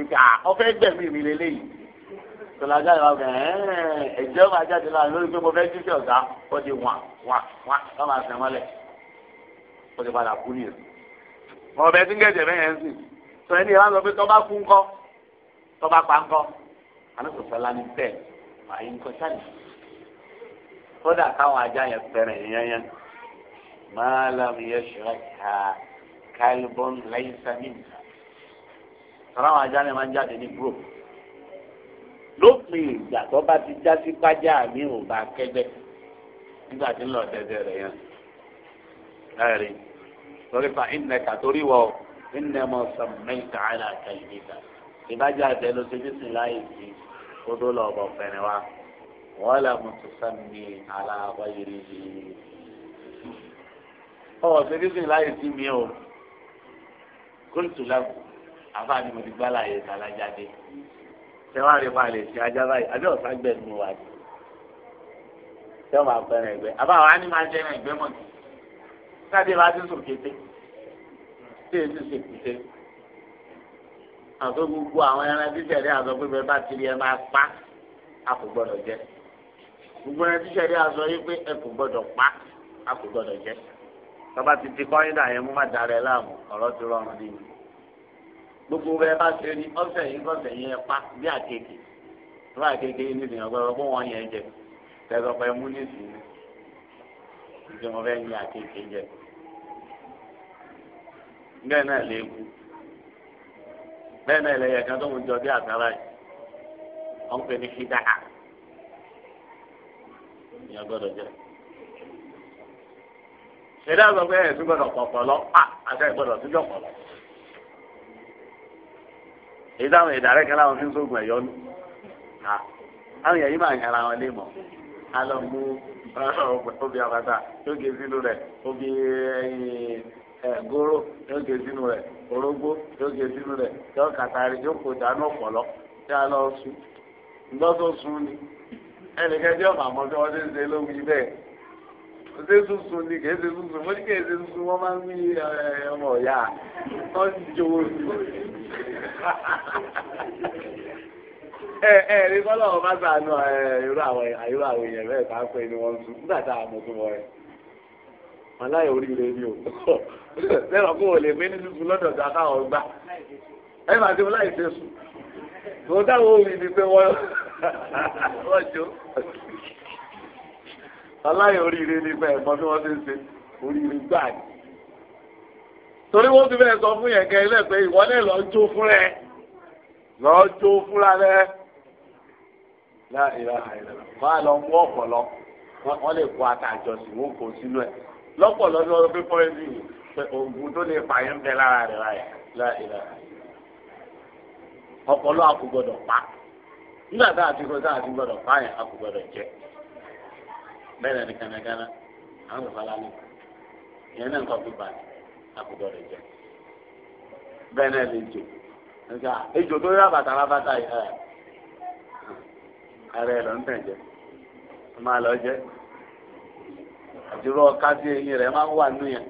ìgbà wọ́n fẹ́ gbẹ̀mí mi lélẹ́yìí tọ́lájà yìí wà bẹ̀ ẹ́ ẹ̀jẹ̀ máa jáde láàrin lórí pé mo fẹ́ jí sí ọ̀gá ó di wà wà wà wọ́n máa sọ ẹni ìwà sọ pé tọ́ bá kú ńkọ́ tọ́ bá pa ńkọ́ àlùkò sọlá ní bẹ́ẹ̀ màá yín kọ́ sálì kódà káwọn ajá yẹn pẹ̀rẹ̀ yẹn yẹn máa lámì yẹn ṣọ́ ká kálíbọ́n lẹ́yìn sẹ́mi nìyà sọ̀rọ̀ àwọn ajá yẹn máa ń jáde ní gúròpù lópin ìgbà tó ti já sí pájá mi ò bá kẹ́gbẹ́ nígbà tí ń lọ dẹ́dẹ́ rẹ̀ yẹn ẹ̀rí lórí fa ìnẹ̀kà torí wọ إنما سميت على كلمك إذا جاء تلو سجس لا يجي قدول أبو فنوا ولا متسمي على غيره أو سجس لا يجي ميو قلت له أفعل مدبلا يتعالى جادي sẹwárí máa lè ṣe ajá báyìí àbí ọ̀sán gbẹ̀ ní wa ni sẹ́wọ̀n máa fẹ́ràn ẹgbẹ́ àbáwọn á ní máa jẹ́ràn ẹgbẹ́ mọ̀ ní sáde bá ti sùn kété tí èsì sì kù ṣe àti gbogbo àwọn ẹran tíṣẹ̀rí àzọ pé bẹ́ẹ̀ bá ti rí ẹ máa pa a kò gbọ́dọ̀ jẹ gbogbo ẹran tíṣẹ̀rí àzọ yìí pé ẹ kò gbọ́dọ̀ pa a kò gbọ́dọ̀ jẹ tọ́ba ti ti kọ́ yídà yẹn mú má darẹ̀ láàmú ọ̀rọ̀ ti rọrùn ní mi gbogbo bẹ́ẹ̀ bá ṣe ní ọ̀sẹ̀ yìí kọ̀sẹ̀ yẹn pa bí àkekè tó àkekè yìí nìyẹn gbọ́dọ̀ pé wọ́n yẹn jẹ tẹ̀sọ̀ bẹ́ẹ̀ náà léwu bẹ́ẹ̀ náà lẹ́yìn ẹ̀ka tó ń jọ bí àtàrà yìí wọ́n pè ní fídáà ìyẹn gbọ́dọ̀ jẹ́ ṣẹlẹ̀ àgbà pé ẹ̀sùn gbọ́dọ̀ pọ̀pọ̀lọ́ à àti ẹ̀gbọ́dọ̀ tún jọ pọ̀lọ́ èyí táwọn ìdàrẹ́ kan láwọn fi ń sógun ẹ̀yọ́ nù àwọn èèyàn yìí máa yàrá wọn lé mọ́ alọ́ mú obì àbàtà tó gé sínú rẹ̀ obì ẹ̀yìn. goro yóò gé sínú rẹ̀ orógbó yóò gé sínú rẹ̀ yóò kàtàrí yóò kó dáná ọ̀pọ̀lọ́ tí a lọ sùn ńgbọ́ sùn ni ẹnìkan jẹ́ ọ̀mà wọ́n ti ń ṣe lóhùn yìí bẹ́ẹ̀ ṣe ni kì í ṣe mo ní kì í ṣe wọ́n máa ń ọmọ ọ̀yà wọ́n ti jowó ẹ ẹ rí ni wọ́n aláyọ̀ oríire ni o lẹ́nu ọkùnrin ò lè gbé ní tuntun lọ́dọ̀ tó akáwọn gbà ẹ máa ti wọn láì ṣe sùn tó dáwọ́ omi ni pé wọ́n *laughs* wọ́n jó aláyọ̀ oríire ni pé ẹ̀fọn tí wọ́n ti ń ṣe oríire gbà ní. torí wọ́n ti bẹ́ẹ̀ sọ fún yẹn kẹ́ ilé pé ìwọ náà lọ́ọ́ jó fún rẹ lọ́ọ́ jó fúnra rẹ láìláìlá máa lọ mú ọ̀pọ̀ lọ wọ́n lè kó àtàjọ sí wọn kò sínú ẹ̀. lọ́pọ̀ lọ́dún ọdún pípọ́ ẹbí oògùn tó lè pààyàn ń bẹ lára rẹ̀ láì ọpọlọ àkùgbọ́dọ̀ pa nígbà tá a ti gbọ́dọ̀ a ti gbọ́dọ̀ pa yẹn àkùgbọ́dọ̀ jẹ bẹ́ẹ̀ ni kànáńkàná àwọn bàbá lálẹ́ ìyẹn náà nǹkan fi bà ní bẹ́ẹ̀ náà lè jò nígbà ejò tó yá bàtà lábàtà yìí ń tẹ̀ àdúrà ọ̀ká sí eyín rẹ̀ máa ń wà nù yẹn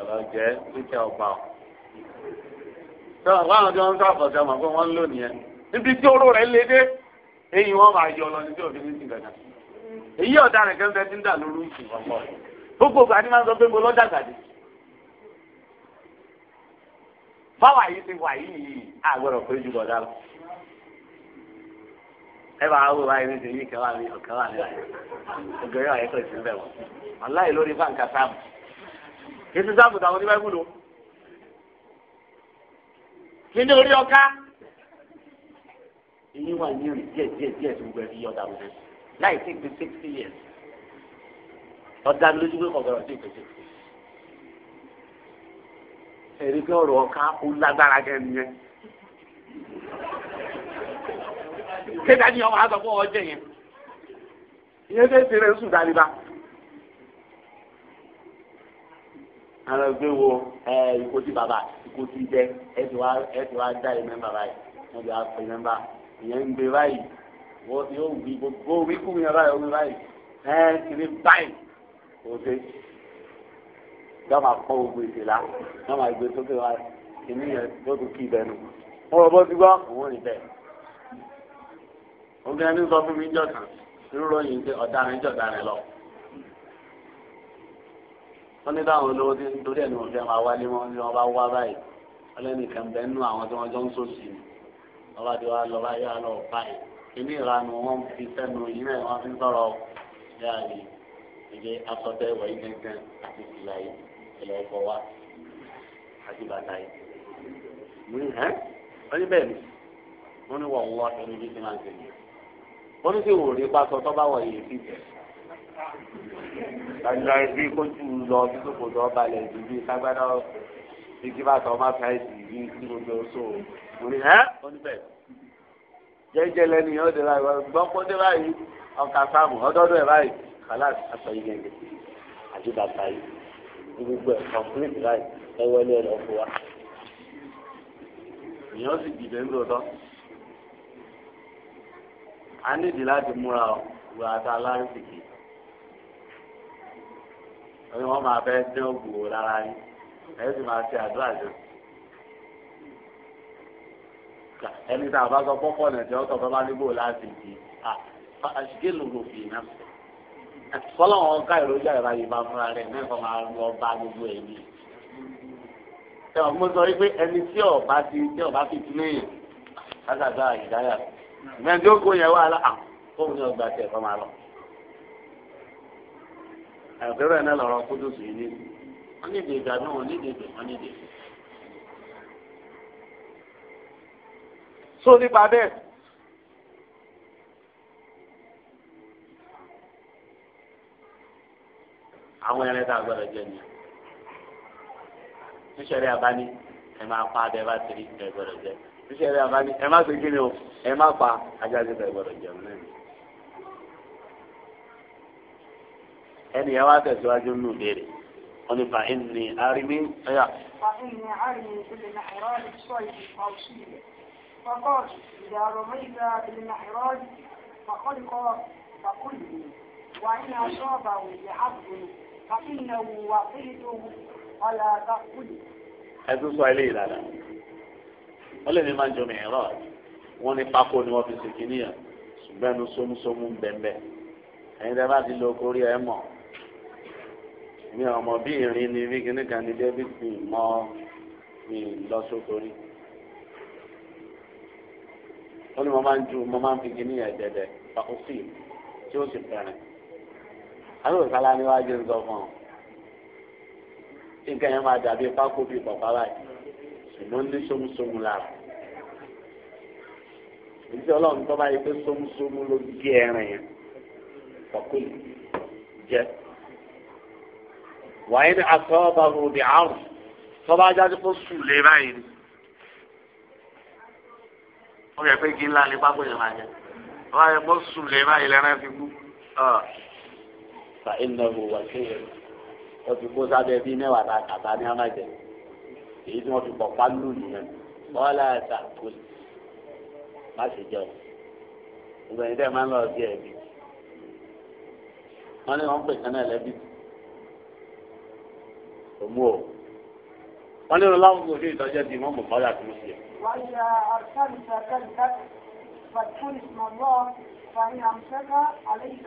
ọ̀rọ̀ jẹ́ wíkẹ́ ọ̀pá ọ̀. sọ àwọn tí wọ́n ń sàkọsí ọmọ pé wọ́n ń lò nìyẹn níbi tí oró rẹ̀ lé dé eyín wọn máa yọ lọ ní tí òfin ti gàgà. èyí ọ̀daràn kẹ́ńtẹ́ ti ń dà lóru ìsìn ọ̀pọ̀ gbogbo ìgbà ni máa ń sọ pé mo lọ́jà gàdé. báwa yìí ti wà yìí àgbẹ̀rọ̀ pé jù lọ dára ẹ bá wò wáyé ní sèyí kẹwà ní ọkẹ wà ní àyè obìnrin àyè kò sí bẹ wọn aláì lórí fáǹkà sáàmù kìí sáàmù táwọn oníbàá wúlò nínú orí ọká èyí wà ní orí díẹ̀ díẹ̀ díẹ̀ tó gbẹ fi ọdà wọn láì sí pé sixty years ọdà mi lójú pé kọkọrọ sí pé sixty ẹ̀rí pé ọ̀rọ̀ ọká ó lágbára gẹ́ nìyẹn ṣé dání ọmọ àtọ̀ fún ọjọ́ yẹn ìyẹn tẹ́ rẹ̀ sùn dáríba. àwọn ẹgbẹ́ wo ẹ ikú tí bàbá ikú tí jẹ ẹ ti wá ẹ ti wá dá ìmẹ́ bàbá yìí wọ́n ti wá pè é ìyẹn ń gbé báyìí wọ́n ti yóò wí gbogbo wíkú yẹn báyìí omi báyìí ẹ kiri báyìí kò dé dáhùn àpọ̀ gbogbo èdè la dáhùn àgbẹ̀ tó kéwàá kìnìyẹn tó tún kí ibẹ̀ nù. wọ́n bọ́ sí gbọ́ òun ò ní bẹ́ẹ̀ obìnrin ní sọ fún mi jọ kan níròyìn pé ọ̀daràn jọ̀daràn lọ. wọ́n ní táwọn olówó tí nítorí ẹ̀ ní wọ́n fi máa wálé mọ́ ní wọ́n bá wá báyìí ọlẹ́nìkan bẹ́ẹ̀ nú àwọn tí wọ́n jọ ń sòsì ni wọ́n bá ti wá lọ báyìí wá lọ báyìí kíní ìranu wọn fi sẹ́nu yìí náà wọ́n fi ń sọ̀rọ̀ yáàrí ìdí asọ́tẹ́ ìwọ̀ yìí àti ìlà yìí ìlà wa àti bàtà yìí. mo ní bẹ́ẹ̀ ni wọ́n ní wọ́n wọ́ ẹni bí ti máa ń sèyí wọ́n ní wò ní pásọ tó bá wọ̀ yìí sí bẹ̀. gbàgbà ibi kójú lọ bí kòkò tó balẹ̀ ìdíbí sagbada igi bá tọ́ máa fẹ́ ìdíbí tí mo jọ so mo ní ẹ́ ní bẹ́ẹ̀. jẹ́jẹ́ lẹ́nu yẹn ó dé báyìí gbọ́n kó dé báyìí ọkà sáàmù ọdọ́dún ẹ̀ báyìí kàlá àtọ̀yìn gẹ̀gẹ̀ àti bàtà gbogbo ẹ̀ kọ̀ǹpìlìtì báyìí ẹ̀wọ́ ẹ̀ lọ́ fún wa. èèyàn sì dìbẹ̀ ń a nídìí láti múra ìwà àti alárìsìkì orí wọn máa fẹ́ dé ògùn wò lára yín ẹ sì máa ṣe àdúrà jù ẹni tá a bá sọ pọ́pọ́ náà tí wọ́n sọ fẹ́ bá níbò láti di àṣìkè lòlò fi iná fọlọ́wọ́n ká ìròyìn àyàrá yìí máa múra rẹ̀ náà kọ́ máa lọ bá gbogbo ẹ̀mí ẹ̀ ọ̀ mo sọ wípé ẹni tí ọba ti tí ọba fi tún lẹ́yìn látàgbà ìdáyà mẹ́tí ó kó yẹn wá lá fóun ah, ní ọgbà tiẹ̀ kọ́ lọ. àgbẹ̀rẹ̀ náà lọ́rọ̀ kótó sí i ní wọ́n ní ìdè ìgbà náà wọ́n ní ìdè ìgbà wọ́n ní ìdè. só nípa bẹ́ẹ̀. àwọn ẹrẹ tá a gbọ́dọ̀ jẹ ni níṣẹ́ rí abá ẹ máa pa abẹ bá tẹ̀lé ẹ gbọ́dọ̀ jẹ ṣíṣe rẹ àbáni ẹ má ṣe kí o ẹ má pa ajá ti bẹ gbọ́dọ̀ jẹun lẹ́nu. ẹnì yẹn wá tẹ̀síwájú nù béèrè wọn ni fàáhìn ní arímí ẹyà. fàáhìn ní arímí ìpìlẹ̀ nàìjíríà lè sọ èyí kan ilẹ̀ fọkọ ìdàrọ mẹ́ta ìpìlẹ̀ nàìjíríà fàkọ́lùkọ́ fàkúlù wà ní aṣọ àbàwò ìyá àbùrù fàkínà wù wà fílẹ̀ tó wù ọ̀là àbàkúlù. ẹ tún sọ ilé ìlànà wọ́n lè ní máa ń jọ mìíràn wọ́n ní pákó ni wọ́n fi ṣe kínní yẹn ṣùgbọ́n ẹnu sómúsómú ń bẹ̀m̀bẹ̀ ẹ̀yin tẹ́ bá ti lo orí ẹ̀ mọ̀ mi ò mọ̀ bí ìrìn ni bí kíní kan ní débi mi mọ́ mi lọ sókòrí wọ́n ní mo máa ń ju mo máa ń fi kínní yẹn dẹ̀dẹ̀ pàkó sí tí ó sì bẹ̀rẹ̀ àwọn ìsàlá níwájú ń sọ fún ọ nǹkan yẹn máa dàbí pákó bíi pọ̀pá ìmọ̀ ní somusomu lára ìdí ọlọ́run tó bá yẹ pé somusomu ló gé ẹran yẹn kọ̀kúlù jẹ wàá ní aṣọ ọba ròdì àrùn tó bá jáde kó sùn lé báyìí ni wọ́n yẹ pé kí ńlá ní pápá yẹn máa jẹ wọ́n yẹ kó sùn lé báyìí lẹ́rẹ́ fi kú ah. fa iná wò wá kéèyàn ó ti kó sábẹ́ bíi mẹ́wàá ta kàtá ní amájẹ èyí tí wọ́n fi pọ̀ pálù nìyẹn wọ́n là ta kò má ṣe jẹun ìgbà yìí dẹ́ máa ń lọ sí ẹ̀bí wọ́n ní wọ́n pè kán náà lẹ́bí òmù o wọ́n ní ọlọ́run kò sí ìtọ́jú ẹ̀dí wọ́n mọ̀ kọ́lá tó ń ṣe. wáyà أمسك عليك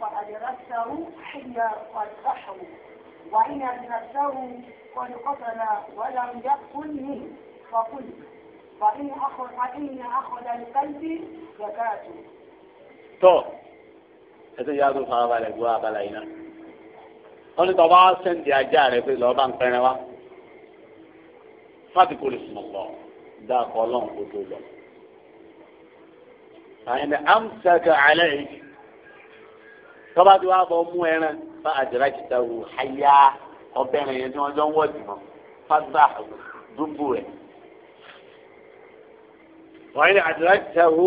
فأدركته حين قد وإن أدركته قد قتل ولم يقل منه فقل فإن أخذ فإن أخذ القلب زكاته. تو ẹsẹ yára tó fara balẹ̀ gbọ́ abala yìí náà wọ́n ní tọ́ba sẹ́ǹdì ajá rẹ̀ pé lọ́ọ́ bá ń pẹ́rẹ́ wá fati kò lè sùn lọ dáa kọ́ ọlọ́run kò tó lọ. àyìn ní amsaka alẹ́ yìí tọ́ba tí wàá bọ̀ mú ẹran bá àjẹrà kìtà wù háyà ọbẹ̀rin yẹn tí wọ́n jọ ń wọ́ọ̀dì mọ́ fásitì dúbù rẹ̀. wọ́n yẹ àdúrà tẹ̀wó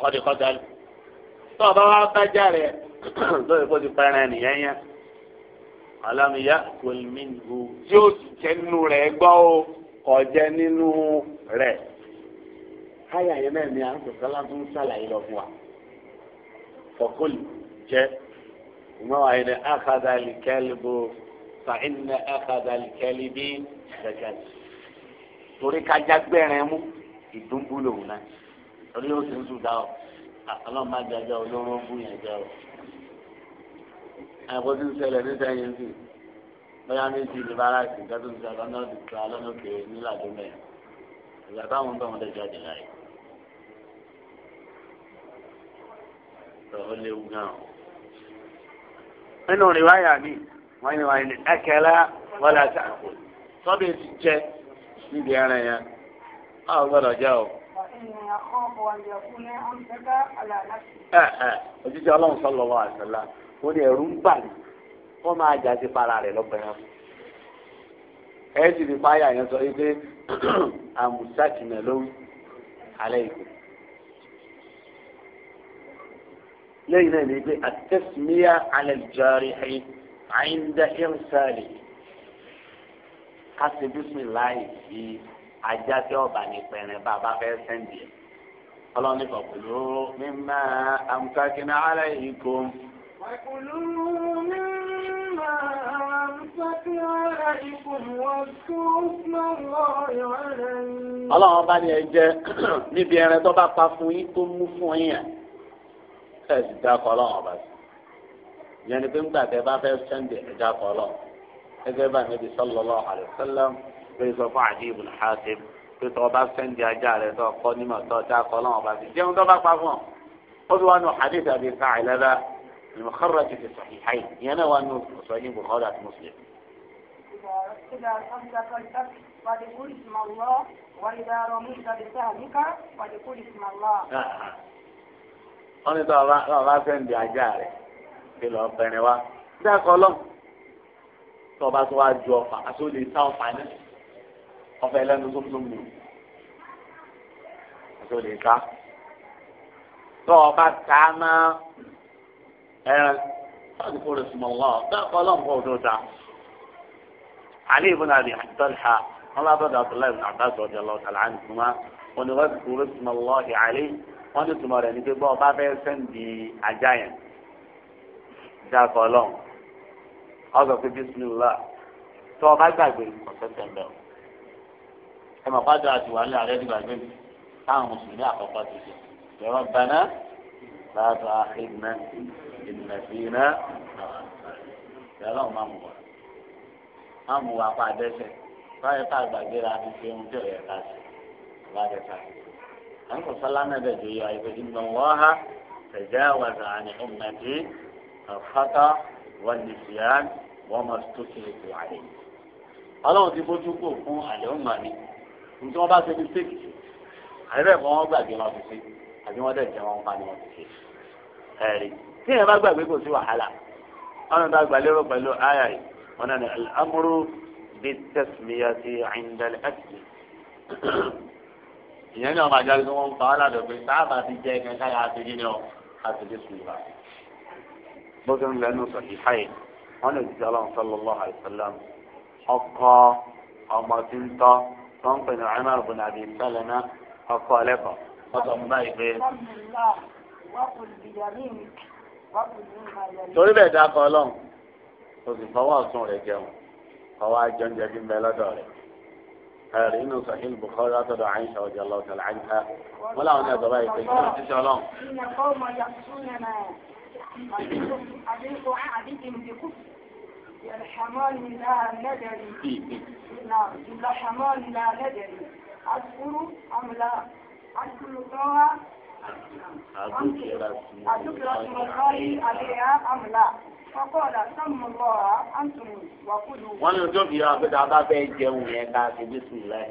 kọ́dìkọ́dà lù. tó o bá wá bájà rẹ̀ lórí *clears throat* kó ti pẹ́rẹ́ nìyẹn yẹn. alámiyá kòlmínú yóò sì jẹ́ nínú rẹ̀ gbọ́ o kò jẹ́ nínú rẹ̀. káyà yẹn náà ni à ń sọ̀tọ́ láti ń sàlàyé lọ fún wa. fọkúlì jẹ́ ìmọ̀ wáyé ni àkàdà lè kẹ́lẹ́ bó o. فإن أخذ الكلب زكاة torí ká jágbẹ́rin mú ìdúnbù lòun náà torí ó sì ń sùdá ọ ọlọ́run má jájá olóró ń búyàn jẹ ọ. àìkú tí ń ṣẹlẹ̀ ní sẹ́yìn sí bóyá méjì ní báràkì gẹ́gẹ́ tó ń sọ lọ́nà ìtura lọ́nà òkè nílàdó mẹ́rin ìgbà táwọn ń bọ̀ wọn lè jáde láyé. ọ̀rọ̀ léwu gan-an. nínú rìwáyà mi wọ́n ní wọ́n ní ẹ̀kẹ́lá wọ́n lọ sí àpò sọ́dọ̀ ti jẹ níbi ẹran yẹn a ò gbọ́dọ̀ jẹ o. òjijì ọlọ́run sọ́lọ́ wa àṣọlá ó ní ẹ̀rù ń bà ní wọ́n máa jà sí para rẹ̀ lọ́gbẹ̀rẹ̀ fún. ẹ sì ní páyà yẹn sọ wípé *clears throat* àmùsákìnà lówí alẹ́ ìgbò. lẹ́yìn náà ní pé àtẹ́símíyà alẹ́ jọrí ẹ̀yìn àyíǹda ìrìnsàlì kásì bísíláì sí ajá tí ọba ní pẹrẹ bàbá fẹẹ sẹńdì ẹ ọlọ́ni kọ̀kùlù mímá àmukakínà àlẹ́ ìkó. kọ̀kùlù mímá àmukakínà àlẹ́ ìkó wọ́n tún mọ́ ọ̀yọ́ rẹ̀. ọlọ́run bá ní ẹ jẹ́ níbi ẹran tó bá pa fún yín tó mú fún yín ẹ̀ ẹ̀ sì dákọ̀ ọlọ́run ọba sí yẹn ni pé ńgbà tẹ bá fẹ́ sẹ́ndì ẹja kọlọ gẹ́gẹ́ bá níbi sallallahu alaihi wasallam pé sọ fún Adi ibn Hatim pé tọ́ bá sẹ́ndì ajá rẹ tọ́ kọ́ nímọ̀ tọ́ ẹja kọlọ ọba ti jẹun tó bá pa fún ọ ó ti wá nù hadith àbí káàlẹ́dá المخرج في الصحيحين ينا وأنه صحيح البخاري ومسلم إذا صدق الفتح فلقل اسم الله وإذا رميت بسهمك فلقل اسم الله. أنا طبعا ما فهمت عجاري pé lọ bẹ̀rẹ̀ wa ṣé àkọ́ lọ tí ọba tó wá ju ọfà àti olè sá ọfà ní ọfà ẹlẹ́nu tó tó mú àti olè sá tí ọba ta mọ́ ẹran fáwọn ìfowópamọ́ sùnmọ́ wọn ṣé àkọ́ lọ ń bọ̀ ọdún ta alẹ́ ìbọn àbí àtọ́lá wọn bá bọ̀dọ̀ àtọ́lá ìbọn àbáṣọ ọ̀dọ̀ lọ́ọ̀tà láàánú fún wọn ni wọn ti kúrò sùnmọ́ lọ́ọ̀hì alẹ́ wọn ti tùmọ̀ rẹ̀ ní pé bọ́ ọba fẹ́ sẹ́ǹdì ajá yẹn dákọ̀ ọlọ́run ọgbà pé bísímìlá tó o bá gbàgbé ọ̀sẹ̀sẹ̀ ń bẹ̀ o. ẹ mọ̀ pàdé àtiwálé ààrẹ ti gbàgbé mi táwọn mùsùlùmí àkọ́kọ́ ti ṣe ìrọ̀ bẹ̀rẹ̀ láti àhìnà ìnàfínà ìrọ̀ máa mú wa máa mú wa pa àdẹ́sẹ̀ báyìí tá a gbàgbé ra ti ṣe ohun tí ò yẹ ká ṣe láti ṣe àkókò sálámẹ́dẹ̀ẹ́dẹ́ yọ àyẹ̀kọ́ ìgbọ̀nwọ́ ha tẹ̀jẹ́ àwọn àti àmì ọ̀mọdé àfátá wà ní fìyàn wọ́n máa tó kiri kù àlè. ọlọ́run ti bójú kò fún àlè ọ̀gbà mi nítorí wọ́n bá ṣe ní sèkì àlẹ́ kan wọ́n gbàgbé wọn fi ṣe àbí wọ́n dẹ̀ jẹ́ wọn pa ni wọ́n fi ṣe. ẹ̀rí tí èèyàn bá gbàgbé kò sí wàhálà wọn bá gbà lérò pẹ̀lú àyà yìí wọn náà ní amúrú bíi tẹ̀símíyàtì àyíndàlẹ̀ ẹ̀sìn ìyẹn ní ọmọ àjálù tí wọ́n ń pa ọ́ ládùúgbò sábà ti jẹ́ kẹ́kẹ́ àti yìí ni ọ́ àti jésù ìbàdàn bó ṣe ń lẹ́nu sọ ìfáyè wọn lè jíjẹ ọlọ́run sallallahu alaihi wasallam ọkọ ọmọ tí ń tọ́ tó ń pè ní ọ̀hánà ọ̀gbìn àbí ìfẹ́lẹ̀ náà ọkọ ẹlẹ́kọ̀ọ́ wọ́n sọ fún báyìí pé. torí bẹ́ẹ̀ dákọ ọlọ́run o sì fọwọ́ ọ̀tún rẹ̀ jẹun ọwọ́ ajọ́njẹ bí mbẹ́ lọ́dọ̀ rẹ̀ ẹ̀rí inú sahil bukhari látọ̀dọ̀ àyíṣà ọjà lọ́tọ̀lá àyíṣà wọn làwọn ní ẹ̀dọ́ báyìí pé kí ló ti ṣe ọlọ́run. حديث عهدهم بكفر يرحمان لا ندري لا ندري لا أذكر لا Fọ́kọ́lá sọ́mù lọ́ra ántùmù wàkúlù. Wọ́n ní ojú ìyá ọ̀gbẹ́dà bá bẹ́ẹ̀ jẹun yẹn ká ṣe bísí láì.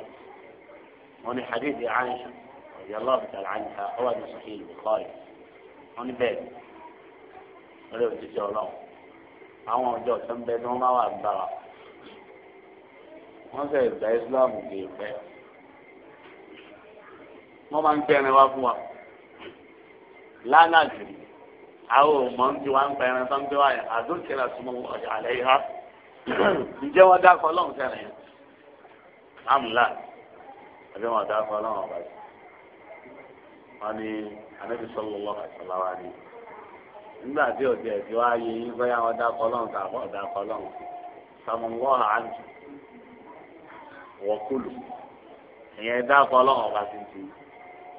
Wọ́n ní Hadith Aisha, ọ̀yọ́ lọ́ọ̀bù tàlá àyíká, ọwọ́ àti Sùhìl Bukhari. Wọ́n ní bẹ́ẹ̀ lórí òjijì ọlọ́run àwọn ọjọ́ tó ń bẹ tó ń bá wà gbà wọ́n fẹ́ gba islam kì í pẹ́ wọ́n máa ń kẹrin wá fún wa lánàá jù àwọn ọmọ ń ti wá ń pẹran tó ń gbé wáyà àdókèrè àtúmọ̀ ọjà àlẹ́ yìí ha ǹjẹ́ wọ́n dákọ̀ ọlọ́run sẹ́rẹ̀ yẹn amúlá àbí wọ́n dákọ̀ ọlọ́run ọ̀bàjẹ́ wọ́n ní anábìsọ́lọ́lọ́ àtàláwá ni. nígbà tí òtí ẹ̀sìn wá yé yín bóyá wọn dákọ lọ́hùn tàbọ̀ dákọ lọ́hùn àjù wọ́kùlù ìyẹn ti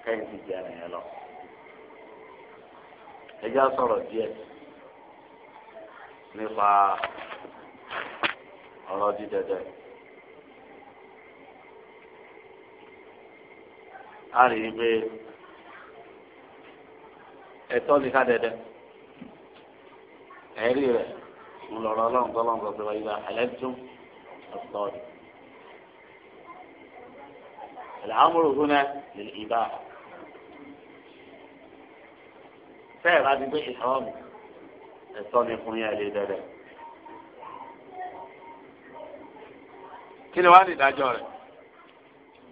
kẹ́yìn ti lọ. ẹjá sọ̀rọ̀ díẹ̀ nípa ọ̀rọ̀ dídẹ́dẹ́. a rí i pé ẹ̀tọ́ ni ká dẹ́dẹ́. ẹ̀rí rẹ̀ ńlọrọ ọlọ́ǹgọ́lọ́ǹgọ́ pé wáyé ẹlẹ́tún ọ̀tọ́ọ̀dù. الأمر هنا للإباحة فعل هذه بيع الحرام الصادقون يا لدادا kí ni wàá ní ìdájọ́ rẹ̀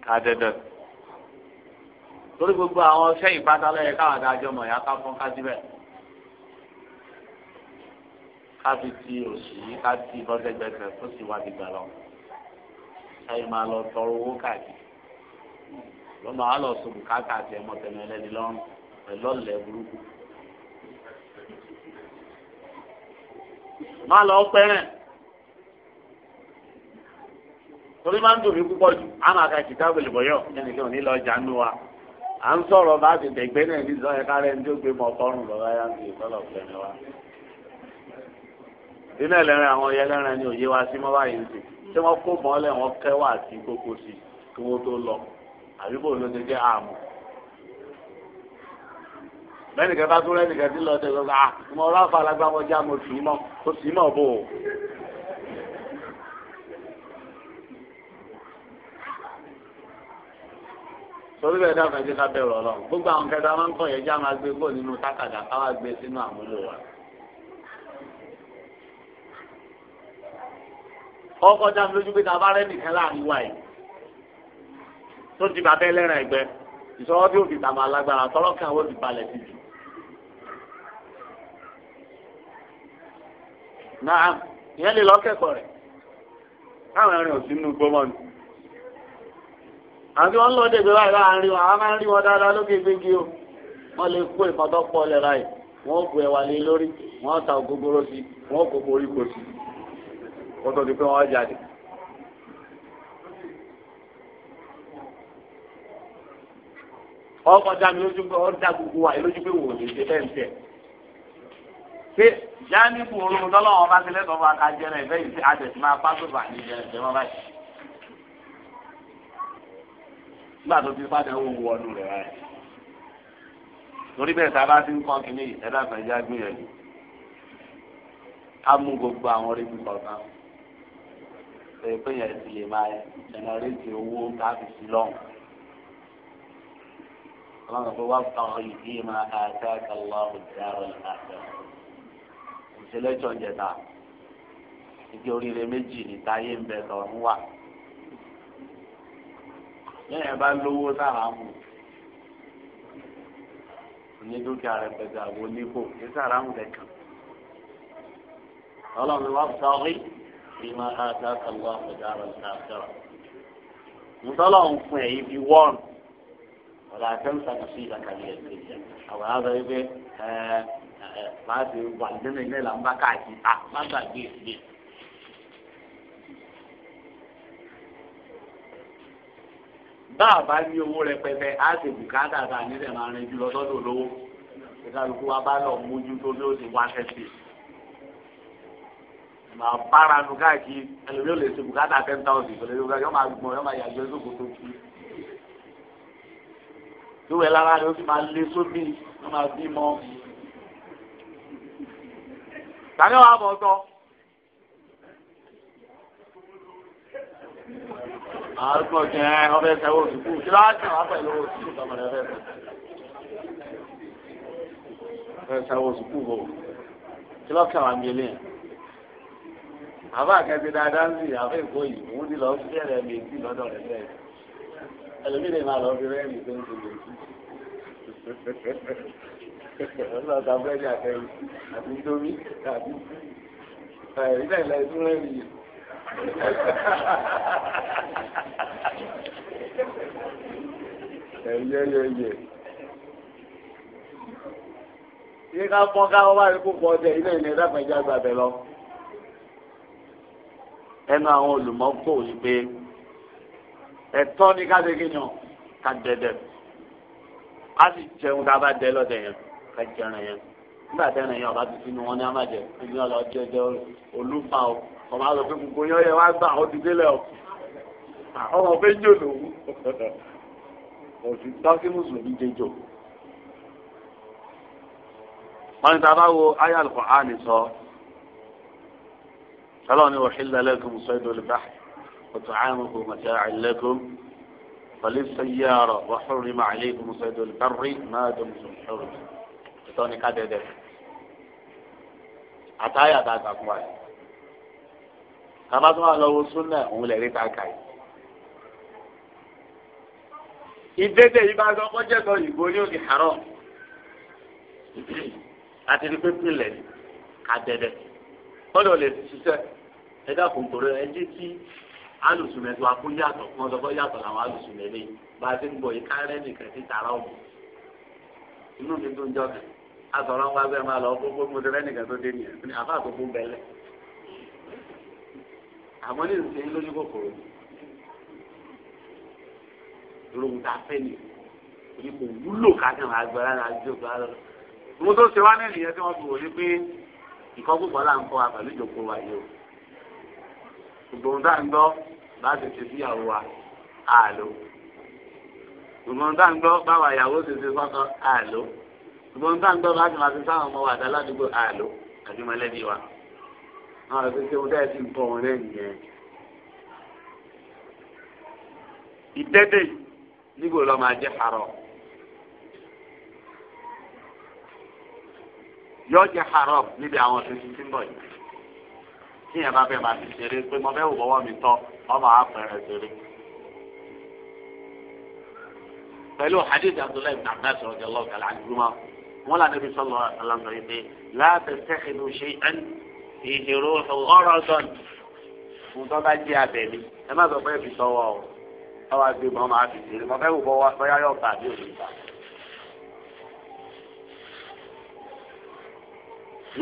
ká dandan torí gbogbo àwọn ṣẹ́yìn pátá lọ́yẹ káwọn adájọ́ mọ̀ yá ká fọ́n ká síbẹ̀ kábi ti òsì yìí ká ti bọ́sẹ̀gbẹ̀sẹ̀ kó sì wá dìgbà lọ. ẹ̀yin máa lọ tọrọ owó káàkiri lọ́ máa lọ sọ bùkátà àti ẹ̀mọ́ tẹ̀mẹ́ lẹ́ni lọ́rùn pẹ̀lú burúkú. má lọ pẹ́rẹ̀ torí máa ń dùn mí púpọ̀ jù á máa ka kìtá wèlé bọ̀yọ̀ ẹnì kan ní lọ jà wa à ń sọ̀rọ̀ bá ti tẹ̀gbẹ́ náà ní sọ́yẹ́ká iná ẹlẹ́rìn àwọn ọyẹ ẹlẹ́rìn ni òye wa sí mọ́ báyìí ń sè ṣé wọ́n kó mọ́lẹ̀ wọn kẹ́wà àti kókó sí kí wọ́n tó lọ àbíbò ló ti jẹ́ àmọ́. bẹ́ẹ̀ni kẹta tó rẹ́ nìkan tí lọ sí ẹ̀sọ́ ah mo rà fà lágbàmọ́ já mo sì mọ́ mo sì mọ́ bò ó. torí bẹ́ẹ̀ dáfẹ́ jẹ́ ká bẹ̀rù ọlọ́run gbogbo àwọn kẹta máa ń kọ̀ yẹn já máa gbé nínú tákàdá káwá gbé sínú àmúlò wa. ọkọ dá lójú pé tá a bá rẹ nìkan láàrin wa tó ti bàbá ẹlẹ́rìn ẹgbẹ́ ìṣọwọ́ tí òbí tàbá lágbára tọ́lọ́kẹ́ àwọn òbí balẹ̀ jù. náà ìyẹn lè lọ́kẹ́kọ̀ọ́ rẹ̀ káwọn ẹrin ò sí nínú ni. àti lọ dèbè báyìí láàrin wọn rí wọn dáadáa lókè gbégi o lè kó bu lé lórí ta ògógóró sí kó tó di pé wọ́n jáde. ọkọ̀ dá mi lójú pé ọ́ dá gbogbo wa lójú pé wò ó lè ṣe bẹ́ẹ̀ ń tẹ̀ pé jáníbù olóhùn tọ́lọ́wọ́n bá ti lẹ́tọ̀ọ́ bá ka jẹrẹ ìfẹ́ yìí sí àdẹ̀sí máa pásó bà ní ìjẹrẹ wọn báyìí. nígbà tó ti padà wò wọ ọdún rẹ̀ báyìí. torí bẹ́ẹ̀ tá ti ń kọ́ kínní ẹ̀dá fẹ̀já gbìyànjú. ká mú gbogbo àwọn orí kíkọ kan ṣe pé yẹn ti lè máa jẹnẹrétì owó káàbì sí lọ́hùn. ọlọ́run pé wàá fa ọyìn bí máa ká káàkà lọ́hùn dáhùn ìlànà. òṣèlè jọ jẹta ìdí oríire méjì ní táyé ń bẹ tọ̀run wà. lẹ́yìn bá lówó sára mú ní dúkìá rẹpẹtẹ àwọn onípò ní sára mú kẹkàn. ọlọ́run wàá fa ọyìn bímọ àdáta lọ àpèjára ìdájọra ntọ́lọ̀ ń fún ẹ̀yìn bíi wọ́n ọ̀là àtẹ́mùsà kò sí ìdàkàlẹ̀ ẹ̀sìn ìjà àwọn àgbà yìí pé ẹ̀ẹ́ máa ti wà nínú ilé là ń bá káàkiri à má gbàgbé ìdílé. báà bá ní owó rẹpẹtẹ á sì bùkátà tá a nílẹ̀ máa rìn jù lọ sọ́dọ̀ olówó ìkàlùkù wa bá lọ mójútó bí ó ti wá tẹ̀sí máa bára nu káàkiri ẹlòmíì ò lè ṣe bùkátà ten thousand kò lè ṣe bùkátà yọ máa gbọ́n yọ máa yàgbẹ́ sóko tó kú. ìwẹ̀ lára rẹ̀ ó sì máa lé sóbì ó máa bí mọ́. tani wàá bọ̀ tọ́. àárúkọ jẹ ọbẹ̀ sẹ́wọ́ òsùkú kí ló á kàn wá pẹ̀lú òsùkú tọmọdé ọbẹ̀ sẹ́wọ́ òsùkú bò kí ló kàn wá ń gbélé yẹn àbá àkẹ́sẹ̀ dáadáa ń sìn àbẹ́ ìkó yìí òun ti lọ sí ẹ̀rẹ̀ mi ti lọ́dọ̀ rẹ̀ bẹ́ẹ̀ ẹlòmíì lè máa lọ fi rẹ́ẹ̀mì tó ń ti sí ọlọ́ọ̀ta bẹ́ẹ̀ni àtẹ̀yìn àti ndomi àti ìbẹ̀ lẹ tún rẹ́ẹ̀mì yìí. ẹ̀yẹ yẹyẹ yíká pọ́n ká wọ́n bá rí kó pọ̀ ọdẹ ilé ìnira pẹ̀já gbàbẹ̀ lọ ẹnu àwọn olùmọ́kò yìí pé ẹ̀tọ́ ní káde kíyan ká dẹdẹ a sì jẹun tá a bá dẹ lọ́dẹ yẹn ká jẹran yẹn nígbà tẹ́ran yẹn ọba tuntun ni wọ́n ní amájẹ ẹni ọ̀la ọjọ́ ẹjọ́ olúfa o ọba sọ pé gbogbo yẹn yẹn wá gbà ó ti délẹ̀ o ọmọ fẹ́ jò lòun òsì tọ́kí mùsùlùmí jẹjọ. wọ́n ní tá a bá wo ayé Al-Qur'ani sọ. فلان أحل لكم صيد البحر وطعامه متاع لكم فللسيارة وحرم عليكم صيد البر ما دمتم حرم ìtọ́ni ká dẹ́dẹ́ àtàyà tá a kà fún wa yìí kaba tó wà lọ́wọ́ súnà òun lè rí kàkà yìí. ìdẹ́tẹ̀ yìí bá sọ kọ́jẹ́ sọ ìbò ní òní àárọ̀ àti ní pépé lẹ̀ ká dẹ́dẹ́ kọ́dọ̀ lè ṣiṣẹ́ ẹ dákun tòrọ ẹ jẹ́ kí alùsùnmẹ̀ tó akó yàtọ̀ wọn sọ fọ́ yàtọ̀ làwọn alùsùnmẹ̀ lé bá a ti ń bọ̀ yìí kárẹ́ nìkan ti tààrà ọ̀mù inú mi tó ń jọ kàn asọ̀rọ̀ ń wá bẹ́ẹ̀ máa lọ gbogbo mo ti rẹ́nìkan tó dé nìyẹn ní àbá àtòkù ń bẹ̀lẹ̀ àmọ́ ní ìsìn lójú kòkòrò lóhun tá a fẹ́ nìyẹn kò wúlò káàkiri àwọn agbára náà àjò gbà lọ. mo tó ṣe wá nílùú yẹn tí wọ́n fi wò ní pé ìkọ́kùkọ́ là ń kọ́ wa pẹ̀lú ìjòkó wa yìí o ṣùgbọ́n tá à ń gbọ́ bá ti ṣe síyàwó wa àlò ṣùgbọ́n tá à ń gbọ́ báwa ìyàwó ṣe ṣe fọ́kàn àlò ṣùgbọ́n tá à ń gbọ́ bá ti máa ṣe sáwọn ọmọ wa àdáládùúgbò àlò àti mọ̀lẹ́bí wa àwọn àti ṣe ohun tá ẹ ti ń bọ̀ wọn lẹ́yìn yẹn. ìdẹ́dẹ́ nígbò lọ́ máa jẹ́ àrọ̀ yọ jẹ́ àrọ̀ níbi àwọn tuntun tí ń bọ̀ yìí tí yẹn bá fẹ́ máa fi ṣeré pé mo fẹ́ wò bọ́wọ́ mi tọ́ ọmọ àpẹẹrẹ ṣeré. pẹ̀lú hadith abdullahi ibn abbas radiyallahu ta'ala anhuma wọn là níbi sallallahu alaihi wasallam sọ pé la tattakhidu shay'an fihi ruhun gharadun fún tó bá jẹ́ abẹ mi ẹ má sọ pé fi sọwọ́ o ọwọ́ àgbè mọ́ máa fi ṣeré mo fẹ́ wò bọ́wọ́ bóyá yóò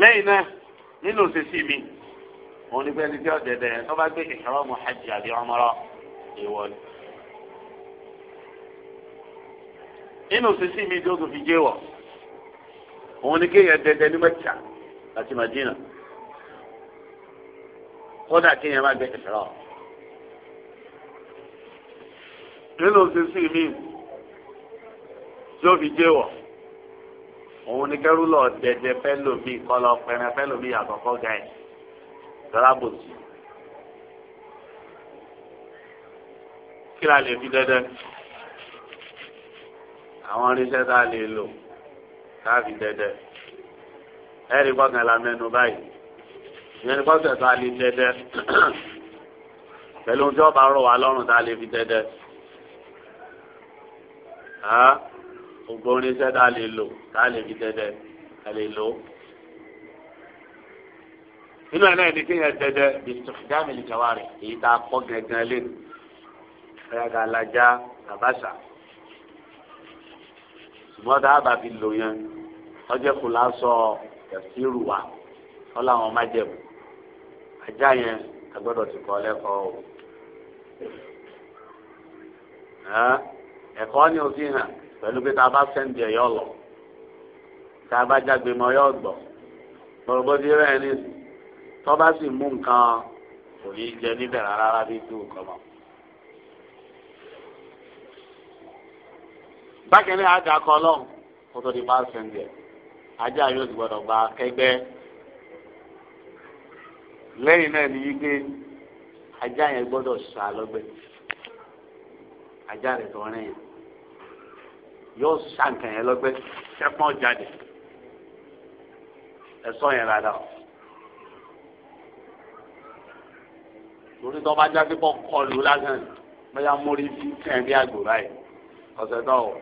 lẹ́yìn náà nínú òṣèṣì mi òun ní bẹ́ẹ̀ ni bí ọ̀dẹ̀dẹ̀ tó bá gbé ìṣòro hajj àbí umrah ìwọ ni. nínú sísí mi tó tún fi jẹ́ wọ̀ òun ní kéèyàn dẹ̀dẹ̀ ní Mẹ́kà àti Madina kódà kéèyàn má gbé ìṣòro. nínú sísí mi tó fi jẹ́ wọ̀ òun ní kẹrù lọ dẹ̀dẹ̀ fẹ́lòmí kọlọ pẹrẹ fẹ́lòmí àkọ́kọ́ gáyìí rábòsì. kí la lè fi dẹ́dẹ́ àwọn irinṣẹ́ tá a lè lò tá a fi dẹ́dẹ́ ẹ̀rí kọ́kàn la mẹ́nu báyìí ìyẹn ní kọ́kàn tá a lè dẹ́dẹ́ pẹ̀lú ohun tí wọ́n bá rọ̀ wá lọ́rùn tá a lè fi dẹ́dẹ́ gbogbo irinṣẹ́ tá a lè lò tá a lè fi dẹ́dẹ́ a lè lò inú ẹ̀ náà ní kí yẹn dẹdẹ ìtòkìdáàmì ìjàwárì èyí tá a kọ́ gẹ̀gẹ́ lé ẹ̀yàgà alájà àbáṣà ṣùgbọ́n tá a bá fi lò yẹn ọjọ́ kò lásọ ẹ̀sìrù wa wọ́n làwọn má jẹ̀bù ajá yẹn agbọ́dọ̀ ti kọ́ lẹ́kọ̀ọ́ o ẹ̀kọ́ ni o fi hàn pẹ̀lú pé tá a bá sẹ́ǹdì ẹ̀ lọ tá a bá jágbe mọ́ yọ gbọ̀ gbọ̀rọ̀gbọ́dé rẹ̀ ní ìsìn tọ́ba sì mú nǹkan kò ní jẹ níbẹ̀ rárá bí tó kọ́ mọ́. bákẹ́lẹ́ àjà kan lọ́hùn kó tó di pásẹ̀ǹdì ẹ̀ ajá yóò ti gbọ́dọ̀ gba akẹgbẹ́ lẹ́yìn náà ní wípé ajá yẹn gbọ́dọ̀ sá lọ́gbẹ́ ajá rẹ̀ tó rìn yẹn yóò sá nǹkan yẹn lọ́gbẹ́ sẹ́pọ̀n jáde ẹ̀sọ́ yẹn rárá o. torí tó bá jáde pọ̀ kọlù lásán bóyá mórí bí kẹ́hìn bí àgbò báyìí ọ̀sẹ̀ tó wọ̀.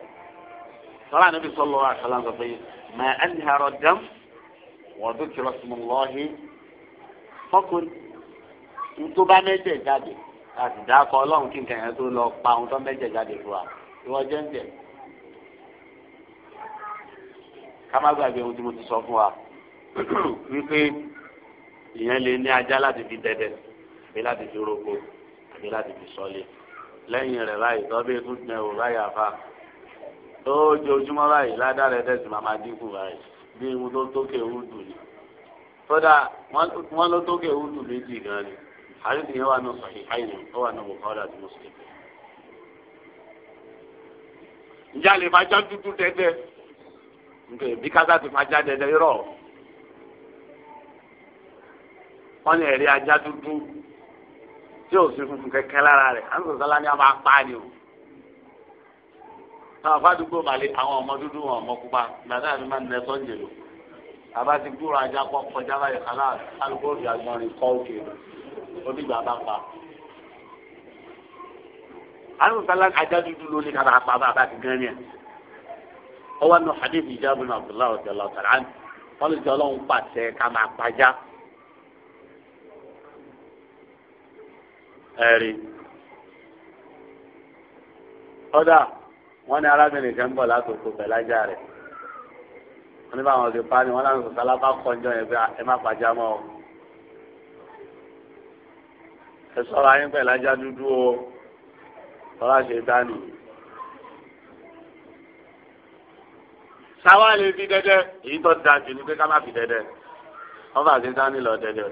sọ́lá níbi sọ́lọ́ àkàlà sọ pé mà á àrọ̀ dẹ́m wọ́n tó kí lọ́sùn lọ́hí fọ́kùn tó bá mẹ́jẹ̀ jáde láti dákọ ọlọ́run kí nǹkan yẹn tó lọ pa ohun tó mẹ́jẹ̀ jáde fún wa ìwọ jẹ́ ń jẹ́ ká má gbàgbé ohun tí mo ti sọ fún wa *clears throat* wípé ìyẹn lè ní ajá láti fi dẹ́dẹ́ àbí láti fi roko àbí láti fi sọlé lẹ́yìn rẹ̀ báyìí tọ́bí tún tẹ ò báyìí àfa lójoojúmọ́ báyìí ládàá rẹ̀ tẹ̀sí máa máa dínkù báyìí bí irun tó tókè ń dùn ní kódà wọ́n ló tókè ń dùn méjì gan ni àdìsí yẹn wà ní sọ̀hìn àìní ó wà ní bùkọ́lá àti mùsùlùmí. ǹjẹ́ àlè máa já dúdú dẹ́dẹ́ nǹkan ìbí kásá ti máa dẹ́dẹ́ rọ̀ wọ́n ní ẹ̀rí ajá dúdú tí o sì funfun kẹ̀kẹ́ lára rẹ̀ à ń sọ̀rọ̀ sọ́lá ní a máa pa ni o. àwọn afádùúgbò màlẹ́ àwọn ọmọ dúdú wọn ọmọ pupa gbàdá mi máa ń nẹ sọ́njẹ lò. bàbá ti gbúrò ajá pọ̀ kọjá báyìí kálá alùpùpù òfin àgbọ̀nrín kọ́ òkè onígbà bá pa. à ń sọ̀rọ̀ sọ́lá ajá dúdú ló ní kára pa bàbá ti gán ni ẹ̀. ọwọ́ nù hadith ìjábọ̀ nù abdullahi ọ̀sẹ̀ lọ́sàrán wọ́n lè jọ ọlọ́run pàṣẹ ká máa pàjá. ẹ̀rí. kódà wọ́n ní arábìnrin kan ń bọ̀ látòkò pẹ̀lú ajá rẹ̀ wọ́n ní báwọn ti pa ni wọ́n láwọn sọ̀tà lábá kọjọ́ yẹn pé ẹ má pàjá mọ́ ọ. ẹ sọ̀rọ̀ ayé pẹ̀lú dúdú o sọ̀rọ̀ àṣẹ dání. sáwá lè fi dẹ́dẹ́ èyí tó da jù ní pé ká má fi dẹ́dẹ́ wọ́n fà ṣe dání lọ dẹ́dẹ́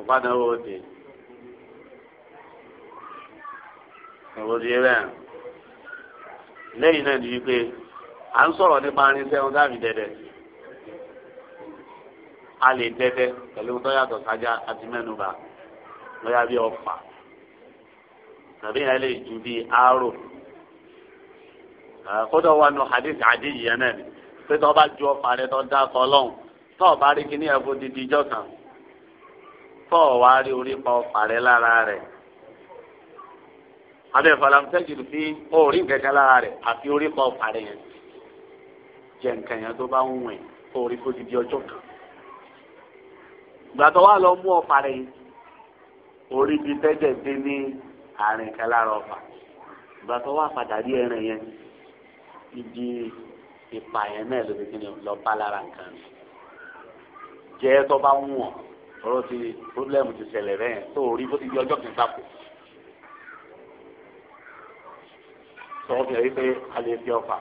ọ̀padà owó dè owó dè bẹ́ẹ̀ lẹ́yìn náà ni wípé à ń sọ̀rọ̀ nípa irinṣẹ́ wọn dàbí dẹ́dẹ́ a lè dẹ́dẹ́ pẹ̀lú tó yàtọ̀ sájà àti mẹ́nuba lọ́yà bí ọ̀fà tàbí yẹn lè ju bí arò kódà wà nù hadith àdé yìí yẹn náà pé tó bá ju ọ̀fà rẹ tó dá kọ́ lọ́hùn tó bá rí kíní ẹ̀fọ́ dídí ìjọ kan tọ́ ọ wá rí orí pa ọ̀pá rẹ lára rẹ̀ abẹ́ falamtẹ́jì fi orí kẹ̀kẹ́ lára rẹ̀ àfi orí pa ọ̀pá rẹ̀ yẹn jẹ nǹkan yẹn tó bá ń wẹ̀ orí kó ti di ọjọ́ kan gbàtọ́ wa lọ mú ọ̀pá rẹ̀ yẹn orí bíi tẹ́jẹ̀ dé ní àárín kan lára ọ̀pá gbàtọ́ wa padà rí ẹran yẹn ibi ìpààyàn náà lóbi kí ni lọ́ọ́ bá lára nǹkan jẹ́ tó bá ń wọ̀n ọ̀rọ̀ ti pọ́blẹ́mù ti ṣẹlẹ̀ rẹ̀ tó rí bó ti di ọjọ́ kìí sáfù. sọ fún yẹn wípé alẹ́ fi ọfà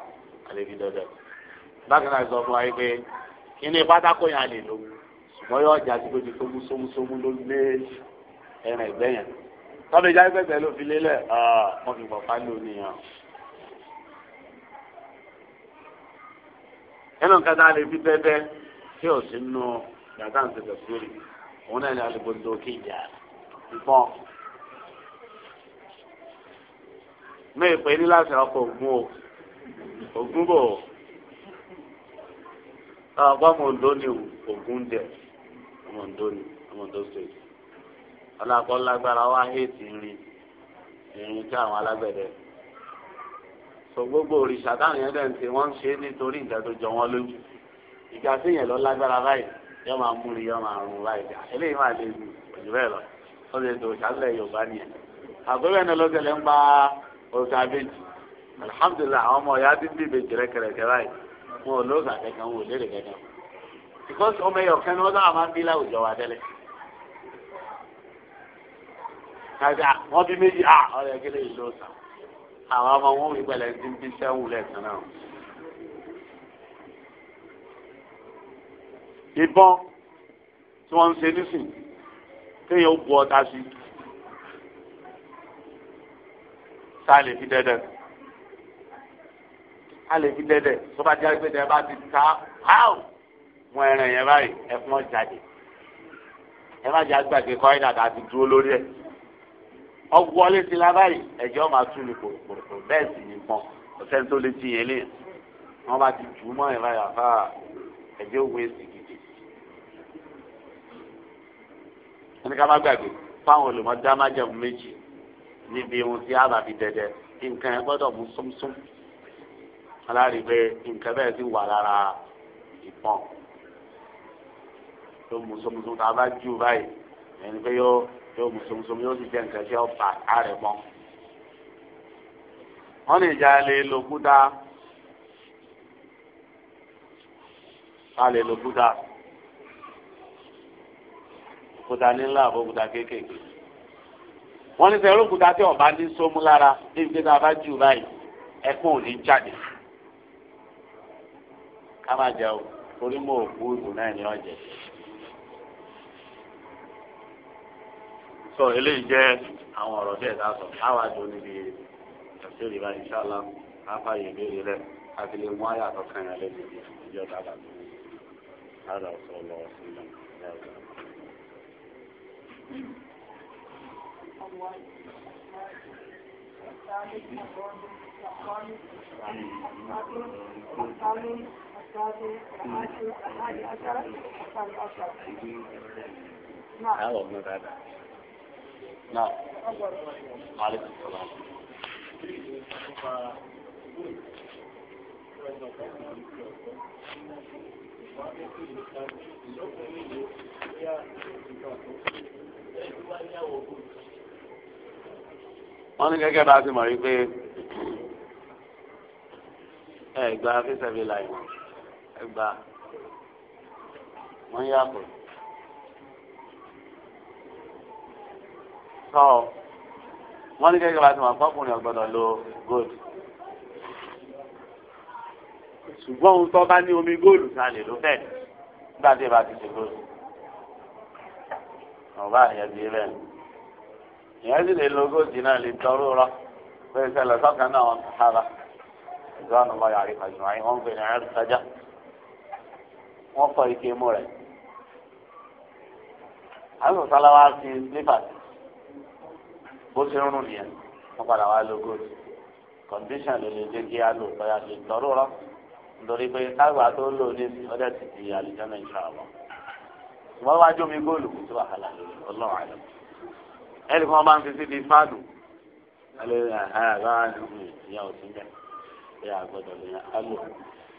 alẹ́ fi dọ́dọ̀. bákan náà sọ fún wa wípé kíní pátákó yẹn a lè lò ṣùgbọ́n yóò jà sí pé ti sómú sómú sómú ló lé ẹran ẹ̀gbẹ́ yẹn. tọ́lá ìjà pẹ̀pẹ̀ ló fi lélẹ̀ wọ́n fi pọ̀pá lò nìyẹn. ẹnu nǹkan tá fi bẹ́ẹ̀ bẹ́ẹ̀ tí ò sí nù yàtọ̀ àǹtẹ̀tẹ̀ sórí òun náà ní alùpùpù kéjà ìbọn mẹ́ẹ̀ pé ní láti ọkọ̀ ògùn o ògùn bò ọgbà mọ̀ndó ni ògùn jẹ mọ̀ndó ni mọ̀ndó state ọlọ́kọ́ lágbára wá héètì irin irin tí àwọn alágbẹ̀dẹ sọ gbogbo òrìṣà táwọn yẹn dẹ̀ ń ṣe wọ́n ń ṣe nítorí ìjà tó lójú ìjà sí yẹn lọ lágbára báyìí yọ máa múri yọ máa rún láì dá eléyìí máa lè ju òjò bẹ́ẹ̀ lọ ó lè do ìṣàlẹ̀ yorùbá nìyẹn àgbẹ̀wẹ̀ náà lọ́gẹ̀lẹ̀ ń pa oṣù abéjì alihamudulilayi àwọn ọmọ ya ti ń bíbe jẹrẹ kẹrẹkẹrẹ báyìí wọn ò lóògùn akẹ́kọ̀ọ́ wọn ò léèrè kẹ́kọ̀ọ́ because ọmọ ẹyọ kan ni wọn náà máa ń bí láwùjọ wa tẹ́lẹ̀ kájà wọn bí méjì à ọ̀rẹ́ gẹ́lẹ́ ìlú àwọn ọmọ wọn ò rí ti ń bí sẹ́wù lẹ́ẹ̀kan náà. ìbọn tí wọ́n ń ṣe nísìn téèyàn ó bu ọta sí tá a lè fi dẹ́dẹ́ a lè fi dẹ́dẹ́ tó bá jẹ́ pé dẹ́ bá ti ta áwù wọn ẹran yẹn báyìí ẹfun ọjàde ẹ má jẹ́ àgbàgbé kọ́ ẹ̀dá àti dúró lórí ẹ̀ ọwọ́lé sí la báyìí ẹ̀jẹ̀ ọmọ àtúnlù kòròkòrò bẹ́ẹ̀ sì ní pọn ọ̀sẹ̀ tó ti yẹn léyìn wọ́n bá ti jù ú mọ́ ẹ̀ báyìí àfa ẹ̀jẹ̀ òwe sí ẹni ká má gbàgbé fáwọn olùmọ̀dá má jẹun méjì níbi ohun tí a bá fi dẹdẹ nǹkan ẹ gbọ́dọ̀ mú súnmúsún aláàrí pé nǹkan bẹ́ẹ̀ ti wà lára ìpọ́n tó mú súnmúsún tá a bá jù báyìí ẹni pé yóò yóò mú súnmúsún yóò sì jẹ́ nǹkan tí ó fà á rẹ̀ mọ́. wọ́n lè ja lè lòkúta a lè lòkúta òkúta nílá àbókúta kéékèèké wọ́n ní sẹ́yìn òkúta tí ọba ní sómú lára níbi tí a bá jù báyìí ẹkún ò ní jáde ká má jẹ o torí mo ò kú ìlú náà ní ọ̀jẹ̀. sọ eléyìí jẹ́ àwọn ọ̀rọ̀ tí ẹ̀dá sọ káwá jọ níbi ẹ̀sẹ̀rì bá ìṣàlá káfá yìí béèrè rẹ̀ àti lè mú àyàtọ̀ kan yẹn lẹ́nu ìjọba àbàtì. هذا وصلى الله وسلم أو ابن رابع نعم عليكم السلام Thank you wọ́n ní gẹ́gẹ́ bá a ti mọ̀ yí pé ẹ gba fíṣẹ̀bí láì ẹ gba wọ́n yàtọ̀ tọ́ wọ́n ní gẹ́gẹ́ bá a ti mọ̀ fọ́kùnrin ọ̀gbọ́dọ̀ lo gold ṣùgbọ́n ohun tó bá ní omi góòlù ta lè ló fẹ́ nígbà tí ẹ bá ti ṣe góòlù. ọba àyẹ̀bí rẹ̀ ìyẹn sì lè lo ogójì náà lè tọrọ rọ pé ìṣẹ̀lẹ̀ sọ́kàn náà wọn sára ìgbọ́nù lọ́yà àríkà jùmọ̀ àyìn wọn ń pè ní ẹ̀rù sájà wọ́n fọ ike mú rẹ̀ àwọn sọ́láwá fi slippers bó lo a ti ìwọ́n wá jómi góòlù kò sí wàhálà ọlọ́run àlọ́ ẹnì kan máa ń fi síbi fáàdù alẹ́ àgbà àdúgbò ìyá òsì ń bẹ̀ ẹ̀ àgbọ̀dọ̀ lè alò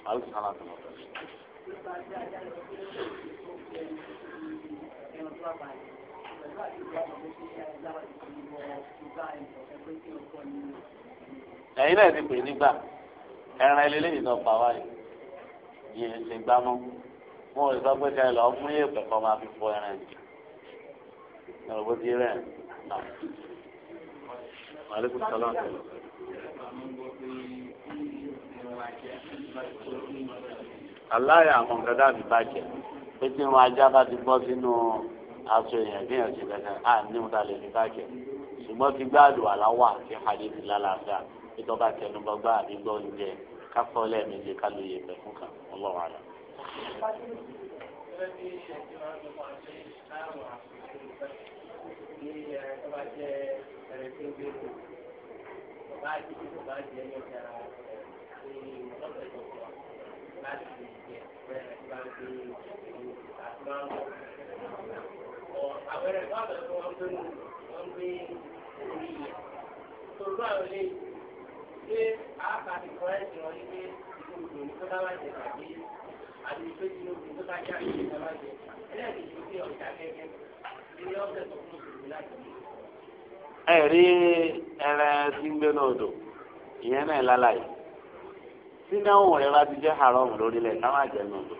alùpùpù sálà tó lọ ẹ̀yin náà ti pè nígbà ẹran ẹlẹ́lẹ́yìn náà pa wáyé yìí ẹ̀ gbámọ́ wọn ò sọ pé ká ẹ lọ mú yé pẹ̀kọ́ máa fi fọ ẹran yìí ẹ lọ bó ti rẹ̀ nà. maaleykum salaam. aláya àwọn nǹkan dàbí bàjẹ́ pé tí wọn ajá bá ti bọ́ sínú aṣọ èèyàn bí èèyàn ti bẹ̀rẹ̀ à ní wọn ta lè fi bàjẹ́ ṣùgbọ́n ti gbáàdùn àláwà ti hadithi lálàáfíà ìtọ́ba tẹnubọgbà àbí gbọ́ oúnjẹ káfọ́ lẹ́ẹ̀mejì ká lóye pẹ̀ fún kan ọlọ́run àlọ́ àpẹẹrẹ báwọn tó wọn gbé wọn gbé orí yẹn tó lọ àwọn ilé ṣé àáfàá ti kọ́ ẹ̀sìn wọn ní pé ìlú ìlú ní kọ́lá wájú tàbí àti ìgbésí lóbi tó bá já ìṣe ìjọba jẹ ẹlẹ́ẹ̀kejì ó fi ọ̀gá kẹ́kẹ́ ilé ọ̀gá tó kún òṣèlú láti mú. ẹ rí ẹrẹ tí ń gbé náà odò ìyẹn náà lálàyé sínáwó rẹ bá ti jẹ́ haram lórílẹ̀ ká má jẹ́ náà odò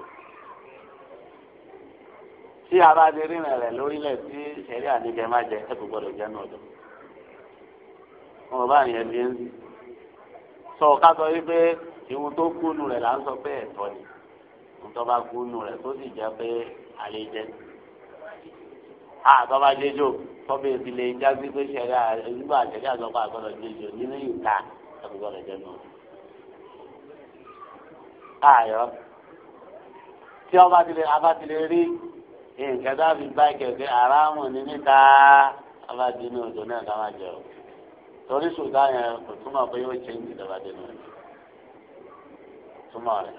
tí a bá ti rìnrìn rẹ lórílẹ̀ tí ẹ̀rí àníkẹ́ má jẹ ẹ kò jẹ́ náà odò wọn bá yẹn bí ń sọ ká sọ yí pé ìwọ̀n tó kúnnù rẹ̀ là ń sọ pé ẹ̀tọ́ ni ntọ́ba gbónú rẹ̀ tó sì jẹ́ pé alẹ́ jẹ́ àtọ́ba jẹjọ tọ́ba ìdílé jágbé pé sẹ́dá nígbà sẹ́dá àtọ́ba àgbọ̀dọ̀ jẹjọ nínú ìta àgbọ̀dọ̀ jẹnu. ayọ̀ tí ọba tilẹ̀ abá tilẹ̀ rí nǹkan dábì báyìí pé aráàmù ní níta abá di inú odò náà ká má jẹ o torí ṣùgbọ́n yẹn kò túmọ̀ pé yóò ṣe ń jìdọ̀bà dínú rẹ̀ túmọ̀ rẹ̀.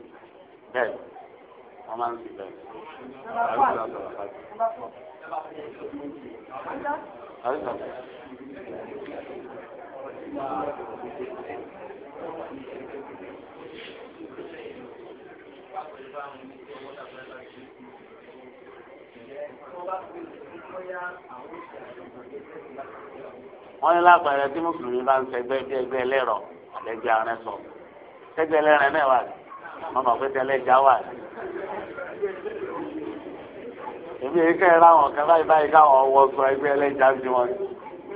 bẹ́ẹ̀ wọ́n máa ń sì bẹ́ẹ̀. wọ́n ní lápẹẹrẹ tí mùsùlùmí bá ń ṣẹgbẹ́ bí ẹgbẹ́ ẹlẹ́rọ àtẹ́gbẹ́ arẹ́sọ ṣẹgbẹ́ ẹlẹ́rọ náà wà ní wọn mọ̀ pé tẹ́lẹ̀ wà ní. èmi èyí kẹ́ ẹ láwọn kan báyìí báyìí káwọn wọ sọ ẹgbẹ́ ẹlẹ́jà sí wọn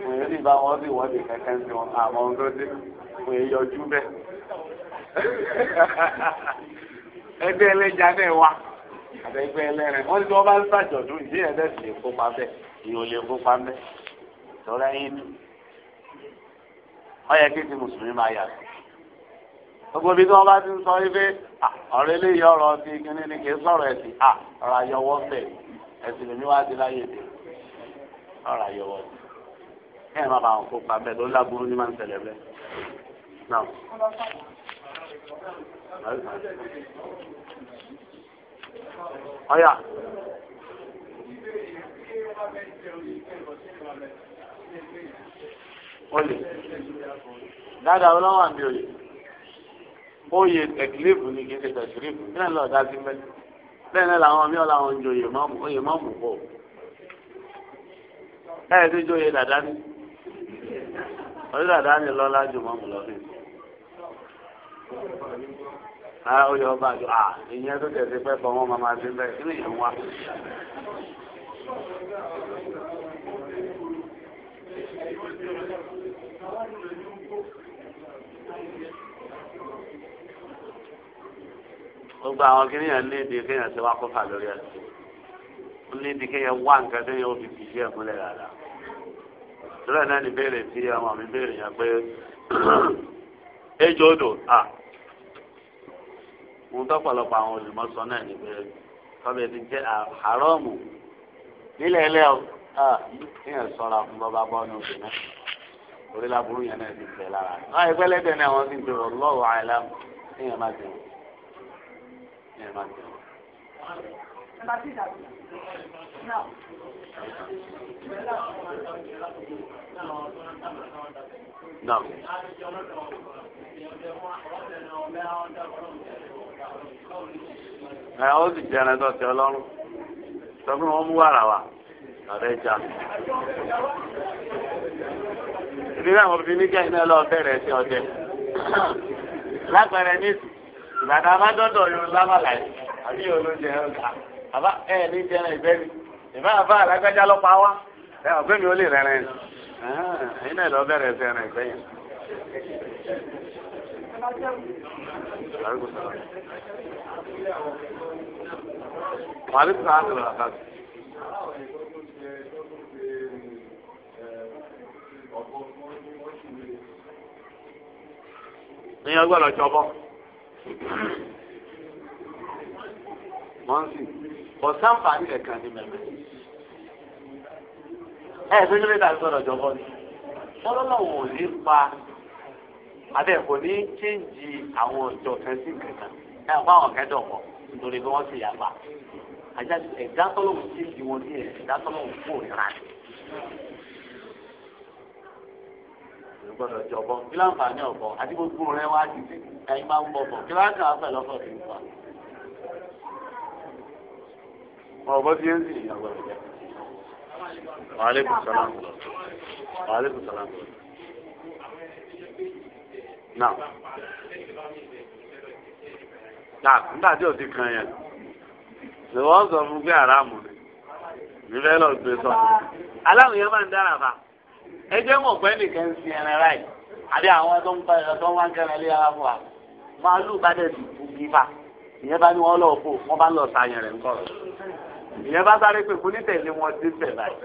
òun yóò sì bá sì wọ́ọ̀dì kẹ́kẹ́ sí wọn àmọ́ ohun tó dé òun yóò yọjú bẹ́ẹ̀. ẹgbẹ́ ẹlẹ́jà náà wà àtẹgbẹ́ ẹlẹ́rìn wọ́n ti wọ́n bá ń ṣàjọ̀dún ìdí ẹ̀dẹ́ sì kópa bẹ́ẹ̀ ìyẹn ò lè kópa bẹ́ẹ̀ tọ́lá yín ni wọ́n yẹ kí ti mùsùlùmí máa yàtọ̀ gbogbo ibi tí wọn bá ti ń sọ wípé ọ̀rọ̀ eléyìí ọ̀rọ̀ ti kíní ni kì í sọ̀rọ̀ ẹ̀sìn à ọ̀rọ̀ àyọwọ bẹ ẹ̀sìn lèmi wá sí láyé dé ọ̀rọ̀ àyọwọ bẹ ẹ má bàa kó pa bẹ́ẹ̀ ló lágbóró ní máa ń tẹ́lẹ̀ bẹ́ẹ̀ náà. ọyà. olè dáadáa ọlọ́wọ́ àmì òye oyè tẹ̀kílẹ́fù ni kì í ṣe tẹ̀sírífù bẹ́ẹ̀ lọ dá sí mẹ́tì bẹ́ẹ̀ náà làwọn mí ọ̀làwọn ń joyè mọ́mù oyè mọ́mù pọ̀ ẹ̀ ti joyè dàdá ni oyè dàdá ni lọ́lá ju mọ́mù lọ sí. oyè ọba àjọ à ìyẹn tó tẹ̀sí pẹ́ fọ́ wọn máa ṣe kí ni ìyẹn wá. Thank you. gbogbo àwọn kìnìyàn ní ibi kéèyàn ti wá kófà lórí ẹ̀ ní ibi kéèyàn wá nǹkan tó yẹ òbí fìdí ẹ̀ múlẹ̀ rárá ìtura náà ní béèrè tí ọmọ mi béèrè yẹn pé ejò odò à òun tọ́pọ̀lọpọ̀ àwọn olùmọ̀sọ náà ní pé kọ́bẹ̀ ti jẹ́ àrọ́ọ̀mù nílẹ̀ ilẹ̀ ọ kéèyàn sọ̀rọ̀ fún bọ́bá bọ́ọ̀nù òbí náà orí laburú yẹn náà ti tẹ̀ lára. wọ́n á ìpẹ́lẹ́dẹ̀ náà wọ́n ti ń pè wọ́n lọ́wọ́ àìlám kéèyàn má ti wọ́n ẹ máa jẹun. Nam. Ẹ ó sì jẹ́ ẹran tó ti ọlọ́run. Sọ fún wọn mú wàrà wá. Ọ̀rẹ́ ìjà. Ìdílé àwọn obìnrin ní kẹ́hìn náà lọ sí ọjẹ́. Lágbára ẹni sùn. ìbàdàn abádọ́dọ̀ yóò sábà láyé àbí yóò ló jẹ àbá ẹ̀ ní jẹrẹ ìbẹ́ni ìbá àbá alágbájá ló pa wá ẹ ọ̀gbẹ́ mi ò lè rẹ́rẹ́ ni ẹ̀yin náà lọ bẹ̀rẹ̀ sẹ́rẹ̀ ìgbẹ́yìn. Màálí mọ́nsì ẹ ẹ sọ́jọ́ lẹ́tà sọ̀rọ̀ jọ̀bọ́ ni fọlọ́lọ́wọ́ ò ní pa abẹ́ kò ní chéǹjì àwọn ọ̀jọ̀ kẹsí kankan ẹ ọ̀pá àwọn kẹ́dọ̀ pọ̀ nítorí bí wọ́n sì yà pa ẹ̀dá tọ́lọ́wọ́ chéǹjì wọn ní ẹ̀dá tọ́lọ́wọ́ kò rí rà ní gbọ́dọ̀ jọ bọ kí láǹfààní ọbọ àti gbogbo rẹ wá di ẹyin máa ń bọ bọ kí láǹfààní àfẹ lọfọ ti ń fa. ọ̀bọ tí ń sìn ìyàwó rẹ jẹ. wàhálẹ́kùn sàlám wàhálẹ́kùn sàlám. náà náà nígbà tí o ti kàn yẹn lè wọ́n sọ fún pé àràmù ni nílẹ̀ lọ́ọ́ gbé sọ. aláwọ̀ yẹn máa ń dára fa ẹ jẹ́ mọ̀ pé nìkan ń sin ráì àbí àwọn tó ń pa ẹ̀rọ tó ń wá ń kẹrin lé ara fún wa màálù bá dẹ̀ dùkú gífà ìyẹn bá ní wọ́n lọ bò wọ́n bá lọ sáyẹn rẹ̀ ńkọ̀ ìyẹn bá sáré pé fún nítẹ̀lé wọn dé tẹ̀ báyìí.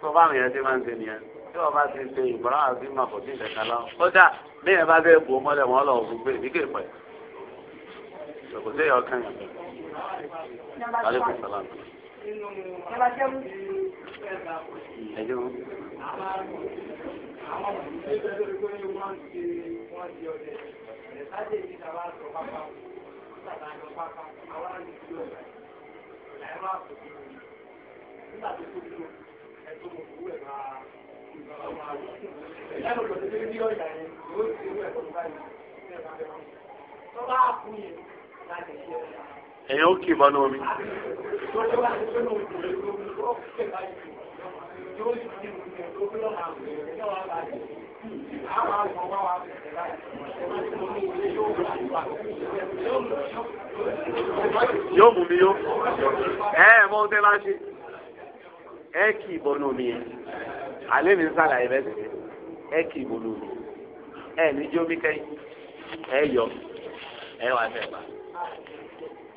tó bá àwọn yẹn ti máa ń ṣe nìyẹn tí wọ́n bá ti ṣe ìgbọ́n àti ìmọ̀ tí ì tẹ̀ka lọ. kódà bí yẹn bá fẹ́ bò mọ́lẹ̀ wọn lọ bò gbé ìdíkè pẹ̀ kò ẹjọ́ Tọ́lá àkúnyè láti ṣe ọ̀la èyàn ó kì í mọ́nú omi. yóò mú mi yó ẹ ẹ mọ ohun tẹ bá ṣe ẹ kì í bọnú omi yẹn alẹ́ mi ń sàlàyé bẹ́ẹ̀ sì ẹ kì í bọnú ẹ ní jómi kẹ́yìn ẹ yọ ẹ wà fẹ́ gbà.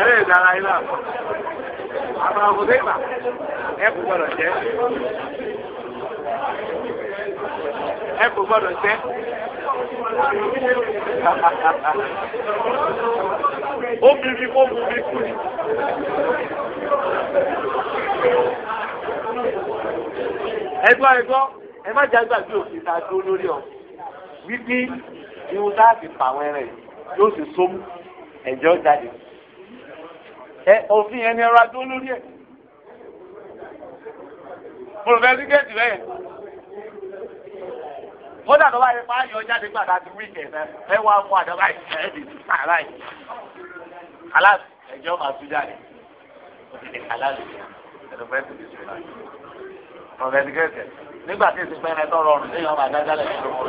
ẹ̀rẹ́ ìdára ilá àbàkù sèpà ẹ̀kú gbọ́dọ̀ jẹ́ ẹ̀kú gbọ́dọ̀ jẹ́. ó bí mi kó bu mi kú ni. ẹgbọ́n ẹgbọ́n ẹ má jágbàgbé òfin ta dúró lórí ọ wípé. irun tá a fi pa àwọn ẹran yìí yóò sì sómú ẹ̀jẹ̀ jáde ẹ òfin ẹni ẹ̀rọ adó lórí ẹ̀ pòròfẹ́sígẹ́tì bẹ́ẹ̀ kódà tó bá yẹ fún ayọ̀ jáde gbàdá ti wíkẹ̀ náà ẹ wá fún àdàbà ẹ̀ẹ́dì sàrà yìí kàlàsì ẹ̀jẹ̀ ọmọ àtújáde òtítì kàlàsì ẹ̀dùnfẹ́sì bìsí náà pòròfẹ́sígẹ́tì nígbà tí ìsìnkú ẹni tó rọrùn lẹ́yìn ọmọ àdájá lẹ́yìn lóko.